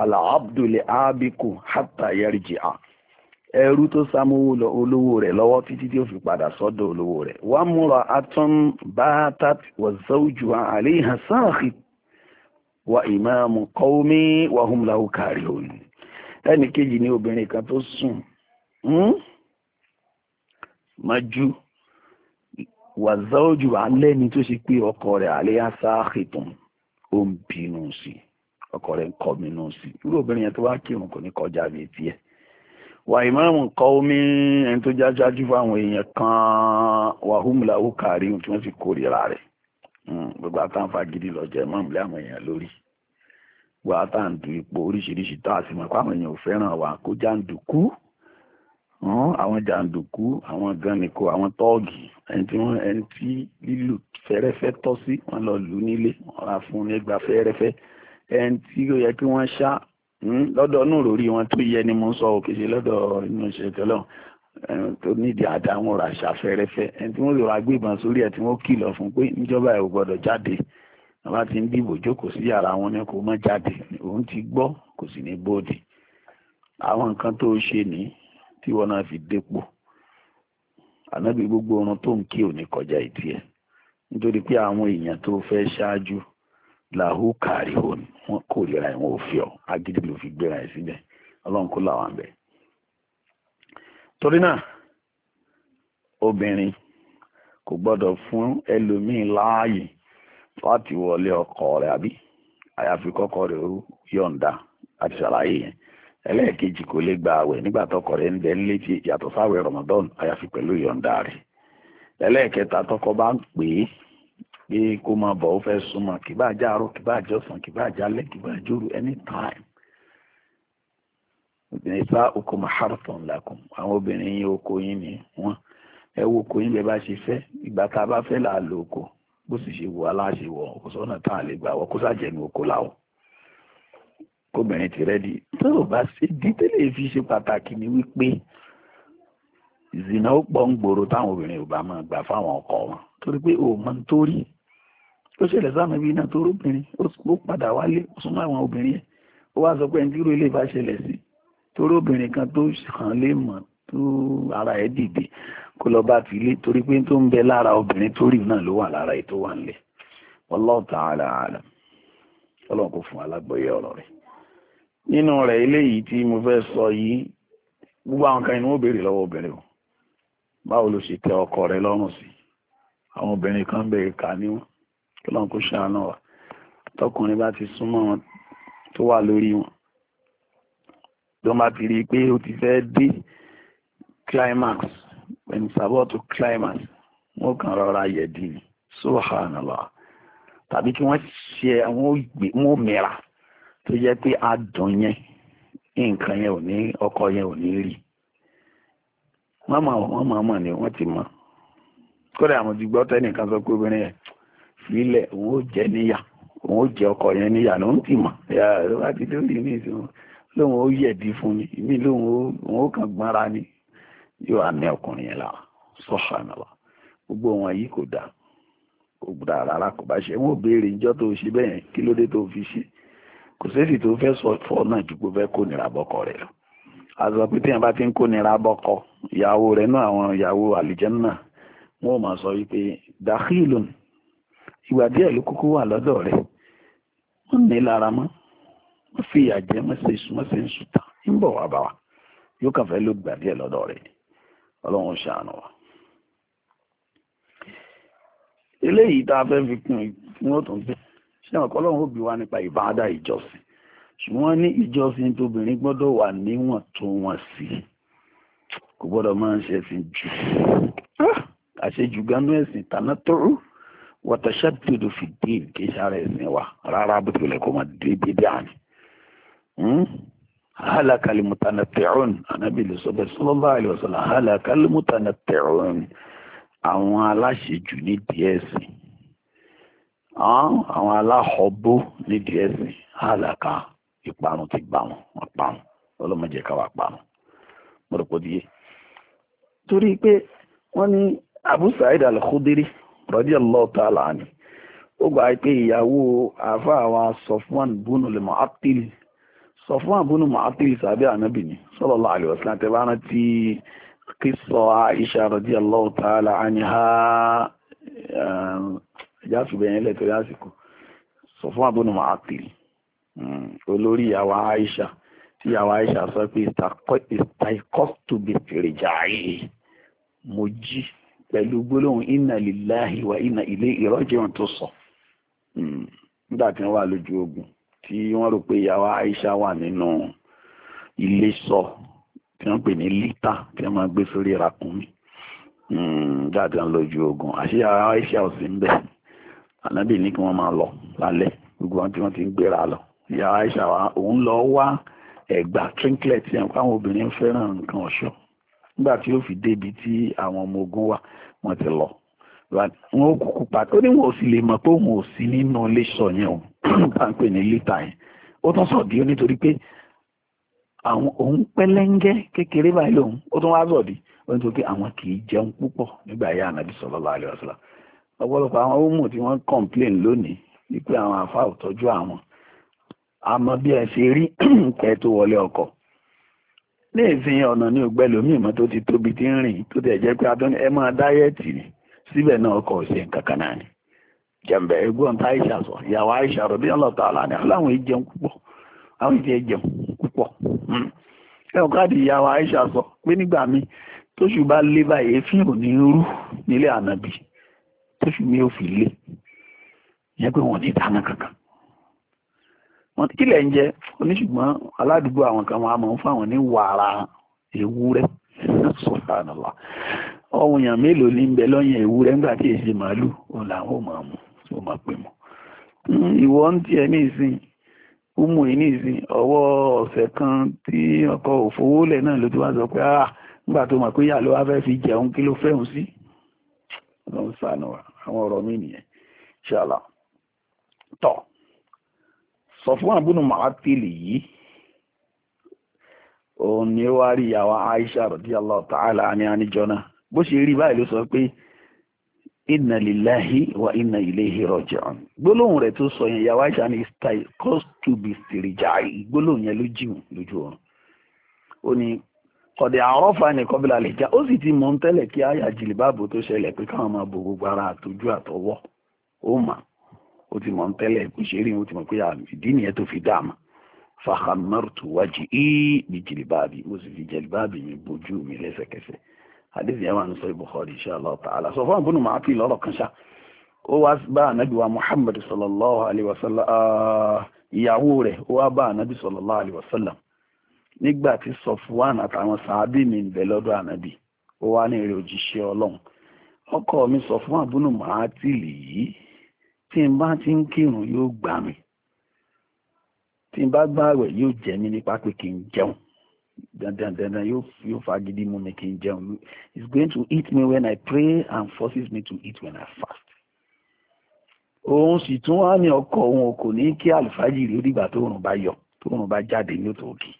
S1: àlà abdul abiku hatta yarji'a ẹrú tó sámúwó lọ olówó rẹ̀ lọ́wọ́ títí tí ó fi padà sọ́dọ̀ olówó rẹ̀ wà múra atún batat wà zawju alayha sakhit wà imamu qawmi wà hum lahu karihun ẹnì kejì ni obìnrin kan tó sùn mọ́jú hmm? wàzáòjù alẹ́ ni tó ṣe pé ọkọ rẹ̀ àlẹ́ àṣàkìtàn ó ń bínú sí ọkọ rẹ̀ ń kọminú sí irú obìnrin yẹn tó wá kírun kò ní kọjá bíi tiẹ̀ wà ìmáàmù kọ́ omi ẹni tó já ṣáájú fáwọn èèyàn kan wàhùnmùláwù kàrí ohun tí wọ́n ti kórìíra rẹ̀ hmm, gbogbo àtàǹfà gidi lọ jẹ́ mọ́ọ̀mùlẹ́ àwọn èèyàn lórí wà á tàǹdù ipò oríṣiríṣi tá a sì mọ̀ pé àwọn èèyàn ò fẹ́ràn wa kó jàǹdùkú àwọn jàǹdùkú àwọn ganiko àwọn tọ́ọ̀gì ẹni tí wọ́n ẹni tí lílù fẹ́rẹ́fẹ́ tọ́ sí wọ́n lọ lù ú nílé wọ́n ra fún un nígbà fẹ́rẹ́fẹ́ ẹni tí ó yẹ kí wọ́n ṣá lọ́dọ̀ inú òròrí wọn tó yẹ ni mo ń sọ òkè ṣe lọ́dọ̀ inú ìṣẹ̀tẹ̀ lọ́hùn tó nídìí àdá wọn rà ṣàfẹ́rẹ́fẹ́ ẹni tí wọ́n lò ra gbé ìbọn sórí ẹ̀ tí wọ́n kìlọ̀ fún pé níjọba ẹ̀ ò gbọ́dọ̀ jáde bàbá ti ń dìbò jókòó sí yàrá wọn ní kó má jáde òun ti gbọ́ kò sì ní bóde àwọn nǹkan tó ṣe ní tí wọn náà fi dépò ànábì gbogbo orun tó ń kí ò kọjá ìtì ẹ nítorí pé àwọn èèyàn tó fẹ́ ṣáájú làhú kàrí hòn wọn kórìíra ẹ̀ wọn ò fi ọ agídí ló fi gbéra ẹ̀ síbẹ̀ ọlọ́run kó làwọn àbẹ̀. torí náà obìnrin kò gbọ́dọ̀ fún ẹlòmíín láàyè láti wọlé ọkọ rẹ̀ àbí àyàfi kọ́kọ rẹ̀ ó yọ̀ǹda àti ṣàlàyé yẹn ẹlẹ́ẹ̀kejì kò lè gba wee, nígbà tọkọ rẹ̀ ń bẹ nílé tí Ramadan àyàfi pẹ̀lú yọ̀ǹda rẹ̀ ẹlẹ́ẹ̀kẹta tọkọ bá ń pè é pé kó máa bọ̀ ó fẹ́ súnmọ kì bá kì bá kì bá kì bá anytime maharton àwọn obìnrin yín a bá fẹ́ là á oko bó sì ṣe wọ aláṣẹ wọ kò sọ́nà tá a lè gbà wọ kó sàjẹnu oko láwọ̀ kóbìnrin ti rẹ́dí tó o bá ṣe dítẹ́lẹ̀ fi ṣe pàtàkì ni wípé ìzìnà ó pọ̀ ń gbòòrò táwọn obìnrin ò bá máa gbà fáwọn ọkọ wọn torí pé o mọ nítorí ó ṣẹlẹ̀ sáàmù ibi náà tó róbìnrin ó padà wálé ó súnmọ́ àwọn obìnrin ó wá sọ pé ẹni tí irú ilé bá ṣẹlẹ̀ sí torí obìnrin kan tó hàn lè mọ̀ tó ara ẹ̀ dìde kó lọ bá fi lé torí pé tó ń bẹ lára obìnrin tó rí náà ló wà lára ètò wà nílẹ̀ wallahu ta'ala alam ọlọ́run kò fún alágbọ̀yé ọ̀rọ̀ rẹ̀ nínú rẹ̀ eléyìí tí mo fẹ́ sọ yìí gbogbo àwọn kan inú ó béèrè lọ́wọ́ obìnrin o báwo ló ṣe tẹ ọkọ rẹ lọ́rùn sí àwọn obìnrin kan bẹ̀rẹ̀ kà ní wọn kí lọ́n kó ṣàánú wa tọkùnrin bá ti súnmọ́ wọn tó wà lórí wọn tó bá ti rí i pé ó ti fẹ́ dé climax pẹ̀mísàbọ̀tù climax wọ́n kàn rọra yẹ̀dí subhanallah tàbí kí wọ́n ṣe wọ́n mìíràn tó jẹ́ pé adùn yẹn nǹkan yẹn ò ní ọkọ yẹn ò ní rí wọ́n mọ̀ wọ́n ni wọ́n ti ma kódà àwọn ti gbọ́ tẹ́nìkan sọ pé obìnrin yẹn filẹ̀ òun níyà òun ọkọ yẹn níyà ló ń mọ̀ ti ní ìsìn lóun ó fún mi ìmí lóun ó kàn gbọ́nra ni yóò wá ní ọkùnrin yẹn lára sọ́hánàlá gbogbo wọn yìí kò dáa kò dáa rárá kò bá ṣe wọn ò béèrè ìjọ́ tó ṣe bẹ́ẹ̀ kí ló dé tó fi ṣe kò sẹ́sì tó fẹ́ sọ fọ́ náà ju pé fẹ́ kó nira bọ́kọ rẹ̀ lọ àzọ pé téèyàn bá ti ń kó nira bọ́kọ ìyàwó rẹ̀ náà àwọn ìyàwó àlìjẹ́nà wọn ò máa sọ wípé dàkílùn ìgbà díẹ̀ ló kúkú wà lọ́dọ̀ rẹ̀ wọ́n ní lára mọ́ wọ́n fi ìyà jẹ mọ́sẹ̀ ìsúmọ́sẹ̀ ń ń bọ̀ wá bá wa yóò kàn fẹ́ ló gbà díẹ̀ lọ́dọ̀ rẹ̀ ọlọ́run ṣàánú wa eléyìí tá a fẹ́ fi kún fún òtún pé ṣé ọ̀kọ́ ọlọ́run ó bí wa nípa ìbáadá ìjọsìn ṣùgbọ́n ní ìjọsìn tóbìnrin gbọ́dọ̀ wà níwọ̀n tó wọ̀n sí kò gbọ́dọ̀ máa ń ṣe ẹ̀sìn jù ah! àṣejù ganú ẹ̀sìn tàná tóru wọ́tọ̀ṣẹ́ dòdò fìdí kí sára ẹ̀sìn wa rárá bó tilẹ̀ kó máa dé dédé àná hmm? halakali mutanatẹ̀ọ́n anabi lè sọ bẹ́ẹ̀ sallallahu alaihi wasallam halakali mutanatẹ̀ọ́n àwọn aláṣejù ní díẹ̀ sí àwọn aláhọ̀bó ní díẹ̀ sí halaka ìparun ti gbà wọn wọn parun ọlọ́mọdé káwa parun mọ̀rọ̀pọ̀dìyẹ. torí pé wọ́n ní abu sa'id al-khudiri radiyallahu ta'ala anhu ó gbà pé ìyàwó àfa àwọn sọfwan bunu lil mu'attil sọ fún àbúnú mọ̀átìlì sàbí ànábì ni sallallahu alaihi wasallam tẹ́ bá rántí kíso Aisha radiyallahu ta'ala anha um, ẹjá ṣùgbẹ́yìn lẹ́tọ̀rí àsìkò sọ fún àbúnú mọ̀átìlì um, olórí ìyàwó Aisha tí ìyàwó Aisha sọ pé ìtàkọ́tùbì rìjà yìí mo jí pẹ̀lú gbólóhùn inna lillahi wa inna ilayhi raji'un tó sọ hmm, nígbà tí wọ́n wà lójú ogun tí wọ́n rò pé ìyàwó Aisha wà nínú ilé sọ tí wọ́n pè ní lítà tí wọ́n máa gbé sórí ràkúnmí hmm, jáde ń lójú ogun àṣeyà Aisha ò sí ń bẹ̀ ànábì ní kí wọ́n máa lọ lálẹ́ gbogbo wọn tí wọ́n ti ń gbéra lọ ìyá Aisha wa òun lọ wá ẹ̀gbà trinket yẹn káwọn obìnrin fẹ́ràn nǹkan ọ̀ṣọ́ nígbà tí ó fi débi tí àwọn ọmọ ogun wà wọ́n ti lọ wọn kúkú pàtó ní wọn lè mọ̀ pé òun ò nínú ilé sọ yẹn o à ń pè ní lítà yẹn ó tún di ó nítorí pé àwọn òun pẹ́lẹ́ńgẹ́ kékeré báyìí lòun ó tún wá sọ̀ di ó nítorí pé àwọn kì í jẹun púpọ̀ nígbà yá ànábì sallallahu alaihi wasallam ọ̀pọ̀lọpọ̀ àwọn ọmọ tí wọ́n complain lónìí àwọn ò tọ́jú àwọn àmọ́ bí ẹ ṣe rí kẹ́ tó wọlé ọkọ̀ ní ìsìn ọ̀nà ní ti tóbi tí ń rìn tó tẹ̀ jẹ́ pé atọ́ni ẹ máa dáyẹ̀tì síbẹ̀ náà ọkọ̀ ò jẹ̀mbẹ̀ egbò ta aisha sọ ìyàwó aisha rọ̀bí ọlọ́ta aláàni aláwọn ìjẹun púpọ̀ àwọn ìjẹ ìjẹun púpọ̀ hmm. ẹ̀wọ̀n káàdì ìyàwó aisha sọ pé nígbà mi tóṣù bá lé báyìí èéfín ò ní rú nílé ànábì tóṣù mi ò fi lé ìyẹn pé wọn ò ní dáná kankan wọn ti kílẹ̀ ń jẹ oníṣùgbọ́n aládùúgbò àwọn kan wọn a máa ń fáwọn ní wàrà ewúrẹ́ subhanallah ọ̀hún èèyàn mélòó ní ń bẹ lọ́yìn ewúrẹ́ nígbà tí èsì màálù òun làwọn mú máa pè mọ́ ìwọ ń tiẹ̀ ní ìsìn umu yìí ní ìsìn ọwọ́ kan tí ọkọ̀ òfowólẹ̀ náà ló ti wá sọ pé ah nígbà tó pé fi jẹun kí ló fẹ́hùn sí lọ́n sànù àwọn nìyẹn ṣàlà tọ sọ fún àbúnú màátìlì yìí òun ni ó wá rí ìyàwó Aisha àníjọ náà bó ṣe rí báyìí ló pé inna lillahi wa inna ilayhi raji'un gbólóhùn rẹ̀ tó sọ yẹn yàwá ìṣà ní style cause to be stirijai gbólóhùn yẹn ló jìun lójú ọ̀run ó ní ọ̀dẹ̀ àrọ́fà ní kọ́bílà lè já ó sì ti mọ̀ ń tẹ́lẹ̀ kí àyà jìlìbáàbò tó ṣẹlẹ̀ pé káwọn máa bo gbogbo ara àtọ́jú àtọwọ́ ó mà ó ti mọ̀ ń tẹ́lẹ̀ ó ti mọ̀ pé ìdí nìyẹn tó fi dáàmà fahamartu wajhi bíi jìlìbáàbì mo sì fi jìlìbáàbì mi bojú mi lẹ́sẹ̀kẹsẹ̀ hadith yẹn wà ní sọ Bukhari inshallah ta'ala sọ fún àbúrò màá fi lọ́rọ̀ kan ṣá ó wá bá ànábì wa Muhammad sallallahu alayhi wa sallam ah, ìyàwó rẹ̀ ó wá bá ànábì sallallahu alayhi wa sallam nígbà tí Sọfwan àtàwọn sàábì mi ń bẹ lọ́dọ̀ ànábì ó wá ní èrè òjíṣẹ́ Ọlọ́run ọkọ mi sọ fún àbúrò màá tì lì tí n bá ti ń kírun yóò gbà mí tí n bá gbààwẹ̀ yóò jẹ mí nípa pé kí n jẹun dandan dandan yóò yóò fagidi mú mi kí n jẹun it's going to eat me when I pray and forces me to eat when I fast. òun sì tún wá ní ọkọ òun kò ní kí àlùfáàjìrì ó dìgbà tóòrùn bá yọ tóòrùn bá jáde ní òtò òkè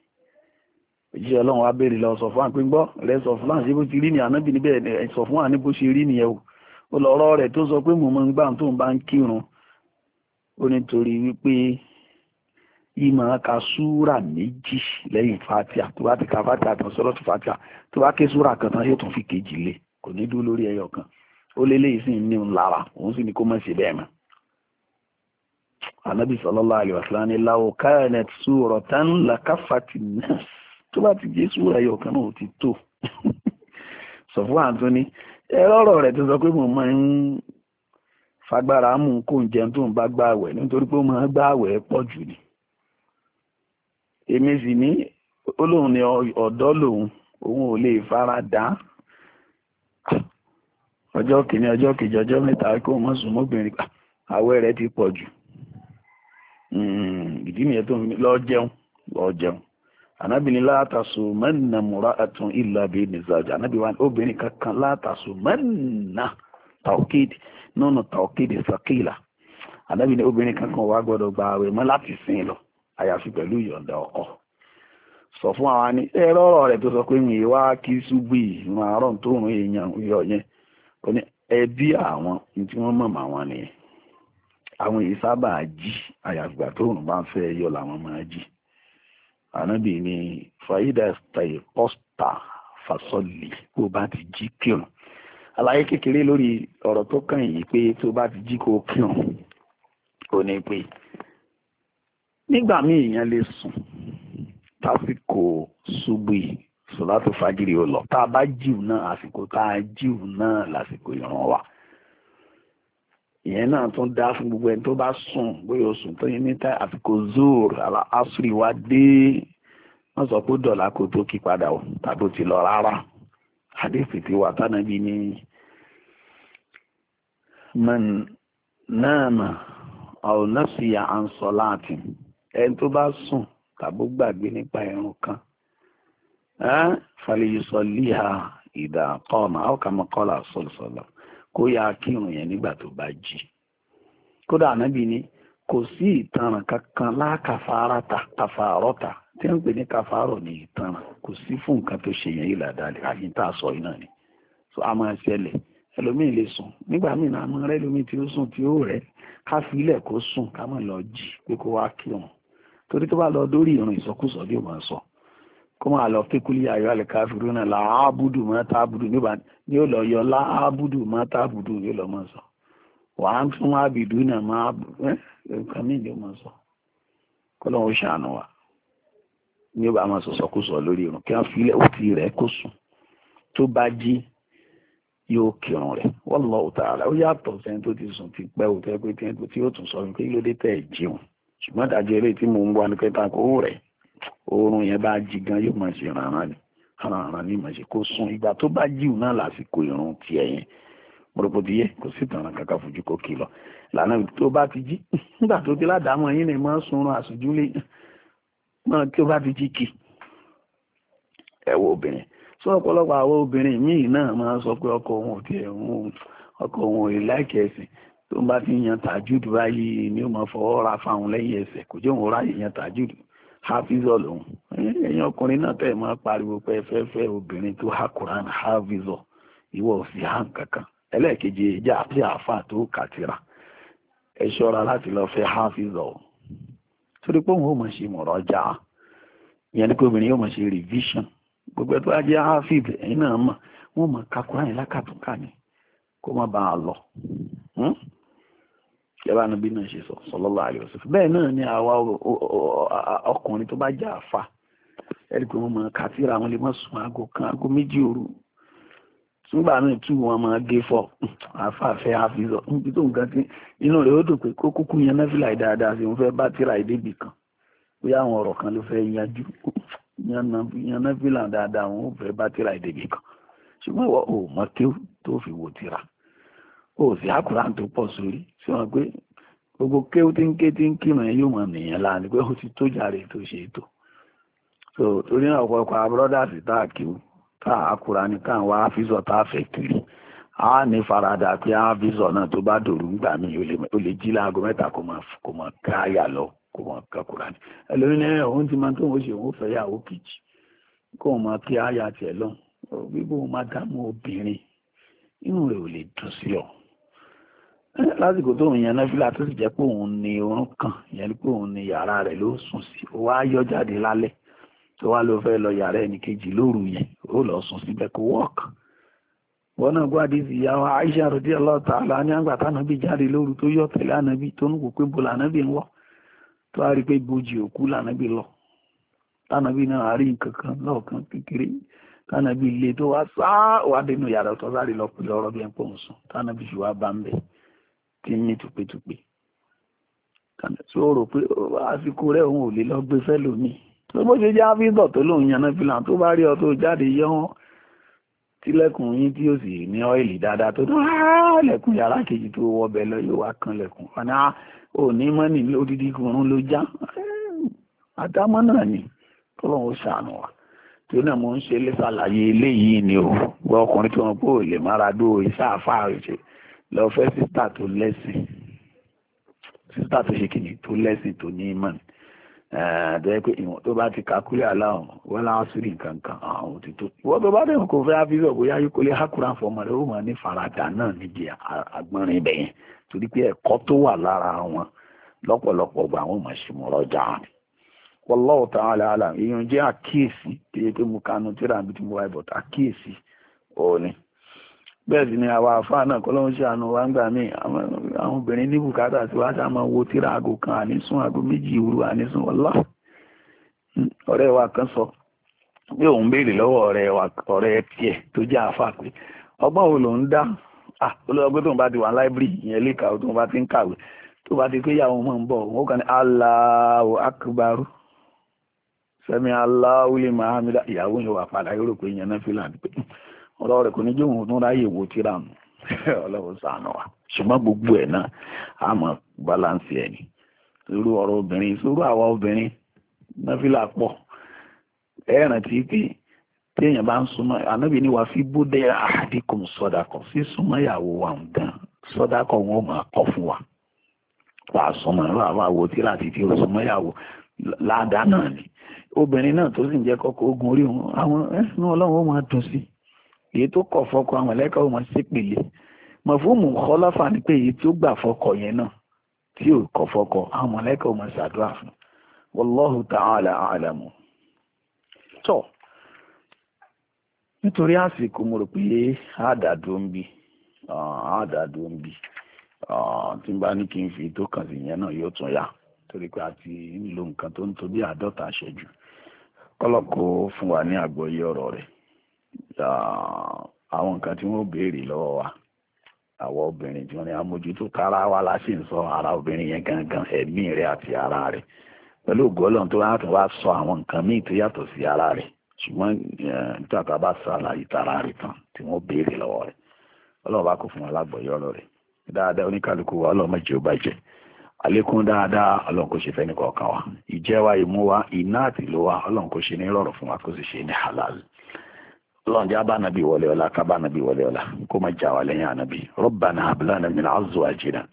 S1: òjíṣẹ́ ọlọ́run wá béèrè lọ sọ fún àpé gbọ́ rẹ sọ fún láǹṣẹ́ bó ti rí ni ànábì níbẹ̀ sọ fún àní bó ṣe rí nìyẹn o ó lọ ọ̀rọ̀ rẹ̀ tó sọ pé mò ń gbà tóun bá ń kírun ó nítorí wípé ìmọ̀ ka súrà méjì lẹ́yìn fatia tó bá ti ka fatia tán sọ́rọ́ tó fatia tó bá ké súrà kan tán yóò tún fi kejì lé kò ní dúró lórí ẹyọ kan ó lé léyìí sì ń ní òun lára òun sì ní kó má ṣe bẹ́ẹ̀ mọ́. anabi sallallahu alaihi wasallam ní law kanat suratan lakafati nas tó bá ti jẹ́ súrà ẹyọ kan náà ó ti tó sọ fún àtúní ẹ lọ́rọ̀ rẹ̀ tó sọ pé mo máa ń fagbára mú kó tó ń bá gbààwẹ̀ nítorí pé ó máa gbààwẹ̀ pọ̀ jù ni èmi sì ní ó lóun ní ọ̀dọ́ lòun òun ò lè fara dà á ọjọ́ kìíní ọjọ́ kejì ọjọ́ mẹ́ta kó wọ́n sùn mọ́bìnrin pa àwẹ̀ rẹ̀ ti pọ̀ jù hmm, ìdí nìyẹn tó ń lọ jẹun lọ jẹun ànábìíní látàṣù mẹ́nà múra àtún ìlú abẹ́ nìzàjà ànábìíní wọn obìnrin kankan látàṣù mẹ́nà tàókéèdì nínú tàókéèdì sàkìlà ànábìíní obìnrin kankan wà gbọ́dọ̀ gba àwẹ̀ mọ́ láti sìn lọ àyàfi pẹ̀lú ìyọ̀ǹda ọkọ sọ fún àwọn ní ẹ̀rọ ọ̀rọ̀ rẹ̀ tó sọ pé mi wá kí ṣubú ìrún àárọ̀ tó rún èèyàn yọ yẹn ó ní ẹbí àwọn ní tí wọ́n mọ̀mọ́ àwọn nìyẹn àwọn èyí sábà jí àyàfìgbà tó rùn bá ń fẹ́ yọ làwọn máa jí ànábì ni fàyídà tàyè pọ́stà fàsọ́lì kó bá ti jí kírun àlàyé kékeré lórí ọ̀rọ̀ tó kàn yìí pé tó bá ti jí kó kírun ó ní pé nígbà míì èèyàn lè sùn tásìkò ṣubú yìí sọlátò fàjìrì ó lọ tá a bá jíù náà àsìkò tá a jíù náà lásìkò ìran wa ìyẹn náà tún dá fún gbogbo ẹni tó bá sùn bóyá o sùn tó yẹn níta àsìkò zoor àlà asri wa dé wọ́n sọ pé dọ̀là kò tó kí padà o tàbí o ti lọ rárá àdéhùn ti wà tánàbí ní man náà mà ọ̀ nọ́ọ̀sì à ń sọ láàtìn. ẹni tó bá sùn tàbó gbàgbé nípa ìrun kan fàlẹ́yìísọ líha ìdá kọ́ọ̀mà ọ̀kàmọ́ k'o sọ̀lọ̀sọ̀lọ̀ kó yá kírun yẹn nígbà tó bá jí kódà ànábì ni kò sí ìtanràn kankan lákàfàárọ̀tà kàfàárọ̀tà tí wọ́n pè ní n'i ní ìtanràn kò sí fún nǹkan tó ṣe yẹn ìlà dalẹ̀ àyè tá a sọ yìí náà ni so a máa ṣẹlẹ̀ ẹlòmíì lè sùn nígbà míì náà a máa rẹ́ ẹlòmíì tí ó sùn tí ó kó sùn ká torí tó bá lọ dórí ìrìn ìsọkúsọ bí wọn sọ kó máa lọ kékulí ayọ àlẹkáfíru náà láàbùdù máa tábùdù ní ó lọ yọ láàbùdù máa tábùdù ní ó lọ máa sọ wàá fún àbìdú náà máa nǹkan mí ni ó máa sọ kó lọ́wọ́ ó ṣàánú wa ní ó bá máa sọ̀sọ̀kúsọ lórí ìrùn kí wọ́n fi ilẹ̀ òtí rẹ̀ kó sùn tó bá jí yóò kírun rẹ̀ wallahu ta'ala ó yàtọ̀ sẹ́ni tó ti sùn ti pẹ́ òtẹ́ pé tí ó tún sọ wípé kí ló dé tẹ̀ jẹun ṣùgbọ́n ìdájọ́ eré tí mò ń wá ní pé ta kó rẹ̀ oorun yẹn bá jí gan yóò máa ṣe rànran ni rànran ni ṣe kó sun ìgbà tó bá jíù náà lásìkò ìrun tiẹ̀ yẹn kò sí kankan fojú kó lànà tó bá ti jí nígbà tó ti ládàámọ̀ yín ni máa sunrun àṣùjúlé náà tó bá ti jí kì ẹ wo obìnrin sọ àwọn obìnrin míì náà máa sọ ọkọ òun ò tiẹ̀ òun ọkọ òun ò láìkẹ́ ẹ̀sìn tó ń bá fi yan tajud báyìí ni ó máa fọwọ́ ra fáwọn lẹ́yìn ẹsẹ̀ kò jẹ́ òun ráyè yan tajud hafizọ lòun ẹ̀yin ọkùnrin náà tẹ̀ máa pariwo pé ẹ obìnrin tó ha quran hafizọ ìwọ ò sì hàn kankan ẹlẹ́ẹ̀kejì ìjà àti àáfà tó kàtìrà ẹ ṣọ́ra láti lọ fẹ́ hafizọ torí pé òun ò mọ̀ ṣe mọ̀rọ̀jà ìyẹn ni pé obìnrin yóò mọ̀ ṣe revision gbogbo ẹ̀ tó bá jẹ́ hafiz ẹ̀yin náà mọ̀ wọ́n mọ̀ kakura yẹn lákàtúnkà ni kó má bàa lọ. Hmm? yàrá níbí náà ṣe sọ sallallahu alaihi bẹ́ẹ̀ náà ni àwa ọkùnrin tó bá jẹ́ àfa ẹ̀rí pé wọ́n máa kàtíra wọn lè má sùn aago kan aago méjì òru nígbà náà tú wọn máa gé fọ àfàfẹ́ àfihàn níbi tó nǹkan tí inú rẹ̀ ó dùn pé kó kúkú yan náfìlà dáadáa sí òun fẹ́ bá tíra ìdébì kan bóyá àwọn ọ̀rọ̀ kan ló fẹ́ yanjú yan náfìlà dáadáa òun fẹ́ bá tíra ìdébì kan ṣùgbọ́n ìwọ ò mọ kéwù tó fi wò tíra kò sí àkùrán tó pọ̀ sórí sí wọn pé gbogbo kéwú tí ń ké tí ń kírun yóò mọ̀ nìyẹn láàánú pé ó ti tó jàre tó ṣe ètò so torí náà ọ̀pọ̀lọpọ̀ abúrọ́dàsì tá a kíw tá a kùrán ní ká wá fíṣọ̀ tá a fẹ́ kiri a ní faradà pé a fíṣọ̀ náà tó bá dòrú ń gbà mí ó lè jí láago mẹ́ta kó mọ̀ káyà lọ kó mọ̀ ká kùrán ẹlòmínú ẹ̀ eh, òun ti máa tó ń ṣe òun fẹ́ yàwó kejì kó mọ̀ kí a yà tiẹ̀ lọ bíbó máa dààmú obìnrin inú rẹ̀ ò lè dùn sí ọ lásìkò tóun yan náfìlà tó sì jẹ́ pé òun ni orun kan ìyẹn ni pé òun ni yàrá rẹ̀ ló sùn sí ó wá yọ jáde lálẹ́ tó wá ló fẹ́ lọ yàrá ẹnì kejì lóru yẹn ó lọ sùn síbẹ̀ kó wọ́ọ̀k wọn náà gbádìí sí ìyàwó Aisha radiyallahu ta'ala ní àgbà tánàbí jáde lóru tó yọ tẹ̀lé ànábì tó ń wò pé bo lànábì ń wọ̀ tó a rí i pé bojì òkú lànábì lọ tánàbí náà a rí nǹkan kan lọ́ọ̀kan kékeré tánàbí ilé tó wá sáà wá dénú yàrá tó sáré lọ pẹ̀lú ọ̀rọ̀ bí ẹ̀ ti yín tùpẹ́tùpẹ́ tí ó rò pé àsìkò rẹ̀ òun ò lè lọ gbé fẹ́ lómi tó bó ṣe jẹ́ áfíìsọ̀ tó lòun yan náà fìlà tó bá rí ọ tó jáde yọ wọn tílẹ̀kùn yín tí ó sì ní ọ́ìlì dáadáa tó tó lẹ̀kùn yàrá kejì tó wọ ọbẹ̀ lọ yóò wá kan lẹ̀kùn ọ̀nà òní mọ́nì lódìdí kùnrún ló já àdámọ́ náà ni kọ́lọ́hún ó ṣàánú wa tí ó náà mò ń ṣe lẹ́sàlàyé eléyìí ni ò gbọ́ ọkùnrin tí wọ́n pò lè mára dó iṣẹ́ lọ fẹ́ sísítà tó lẹ́sìn sísítà tó ṣe kìíní tó lẹ́sìn tó ní ìmọ̀ eh, tó pé ìwọ̀n tó bá ti kakule aláwọ̀ wọ́n láwọn sí nǹkan kan àwọn òtítọ́ ìwọ́n tó bá dẹ̀kun kò fẹ́ afíṣọ́ bóyá yóò kólé hákùrà fọmọ rẹ̀ ó ní náà nídìí agbọ́nrin ibẹ̀ yẹn torí pé ẹ̀kọ́ tó wà lára wọn lọ́pọ̀lọpọ̀ bẹ́ẹ̀ sì ni àwa àfáà náà kọ́lọ́hún ṣe àánú wa ń gbà mí àwọn obìnrin ní bùkátà tí wá sá máa wo tíra aago kan ànísùn aago méjì ìwúrú ànísùn ọlá ọ̀rẹ́ wa kan sọ pé òun béèrè lọ́wọ́ ọ̀rẹ́ tiẹ̀ tó jẹ́ àfáà pé ọgbọ́n wo lòun dá olóògbé tóun bá ti wà láìbírì ìyẹn lè kàwé tóun bá ti ń kàwé tó bá ti pé ìyàwó mọ̀ ń bọ̀ òun kàn ní Allahu Akbar sẹ́mi Allahu liman hamida ìyàwó yẹn wà padà ọ̀rọ̀ rẹ̀ kò ní jóun òtún ráyè wo tíra nù wa ṣùgbọ́n gbogbo ẹ̀ náà a mọ̀ báláǹsì ẹ̀ ni irú ọ̀rọ̀ obìnrin irú àwa obìnrin náfìlà pọ̀ ẹ̀ràn tí pé bá ń súnmọ́ ànábì ni wàá fi bóde sọ́dàkọ̀ sí súnmọ́ ìyàwó wa sọ́dàkọ̀ wọn ò máa kọ́ fún wa wàá súnmọ́ irú tí ogun orí wọn àwọn ẹ̀sìn ọlọ́run ó máa dùn èyí tó kọ̀ fọkọ àwọn ẹlẹ́kọ̀ ọmọ sípìlẹ̀ mọ̀fóòmù kọ́láfà ni pé èyí tí gbà fọkọ yẹn náà tí ò kọ̀ àwọn ẹlẹ́kọ̀ ọmọ ṣàdúrà fún wallahu ta'ala tọ́ nítorí àsìkò mo rò pé ń ń tí n bá ní kí n fi tó kàn sí yẹn náà yóò tún yá torí pé a ti ń lo nǹkan tó ń tó bí àádọ́ta ṣẹ́jú kọ́lọ́kọ́ àwọn nǹkan tí wọ́n béèrè lọ́wọ́ wa àwọn obìnrin tí wọ́n ní amójútó tara wa la sì sọ ara obìnrin yẹn gangan ẹ̀mí rẹ̀ àti ara rẹ̀ pẹ̀lú ògọ́lọ́n tó yàtọ̀ wá sọ àwọn nǹkan míì tó yàtọ̀ sí ara rẹ̀ ṣùgbọ́n nígbà tá a bá ṣàlàyé tara rẹ̀ tán tí wọ́n béèrè lọ́wọ́ rẹ̀ fún wa rẹ̀ dáadáa oníkálukú wa ọlọ́run mẹ́jọ bá jẹ́ àlékún dáadáa ọlọ́run kò ṣe wa àtìlówà ọlọ́run kò ṣe ní fún wa kó sì اللهم جاء نبي ولي ولا كبا نبي ولي ولا كما جاء ولي نبي ربنا هب لنا من ازواجنا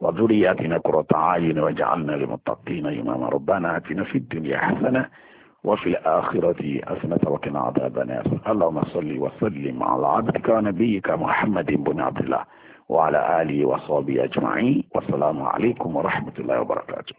S1: وذرياتنا قرة أعين وجعلنا للمتقين إماما ربنا آتنا في الدنيا حسنة وفي الآخرة حسنة وقنا عذاب النار اللهم صل وسلم على عبدك ونبيك محمد بن عبد الله وعلى آله وصحبه أجمعين والسلام عليكم ورحمة الله وبركاته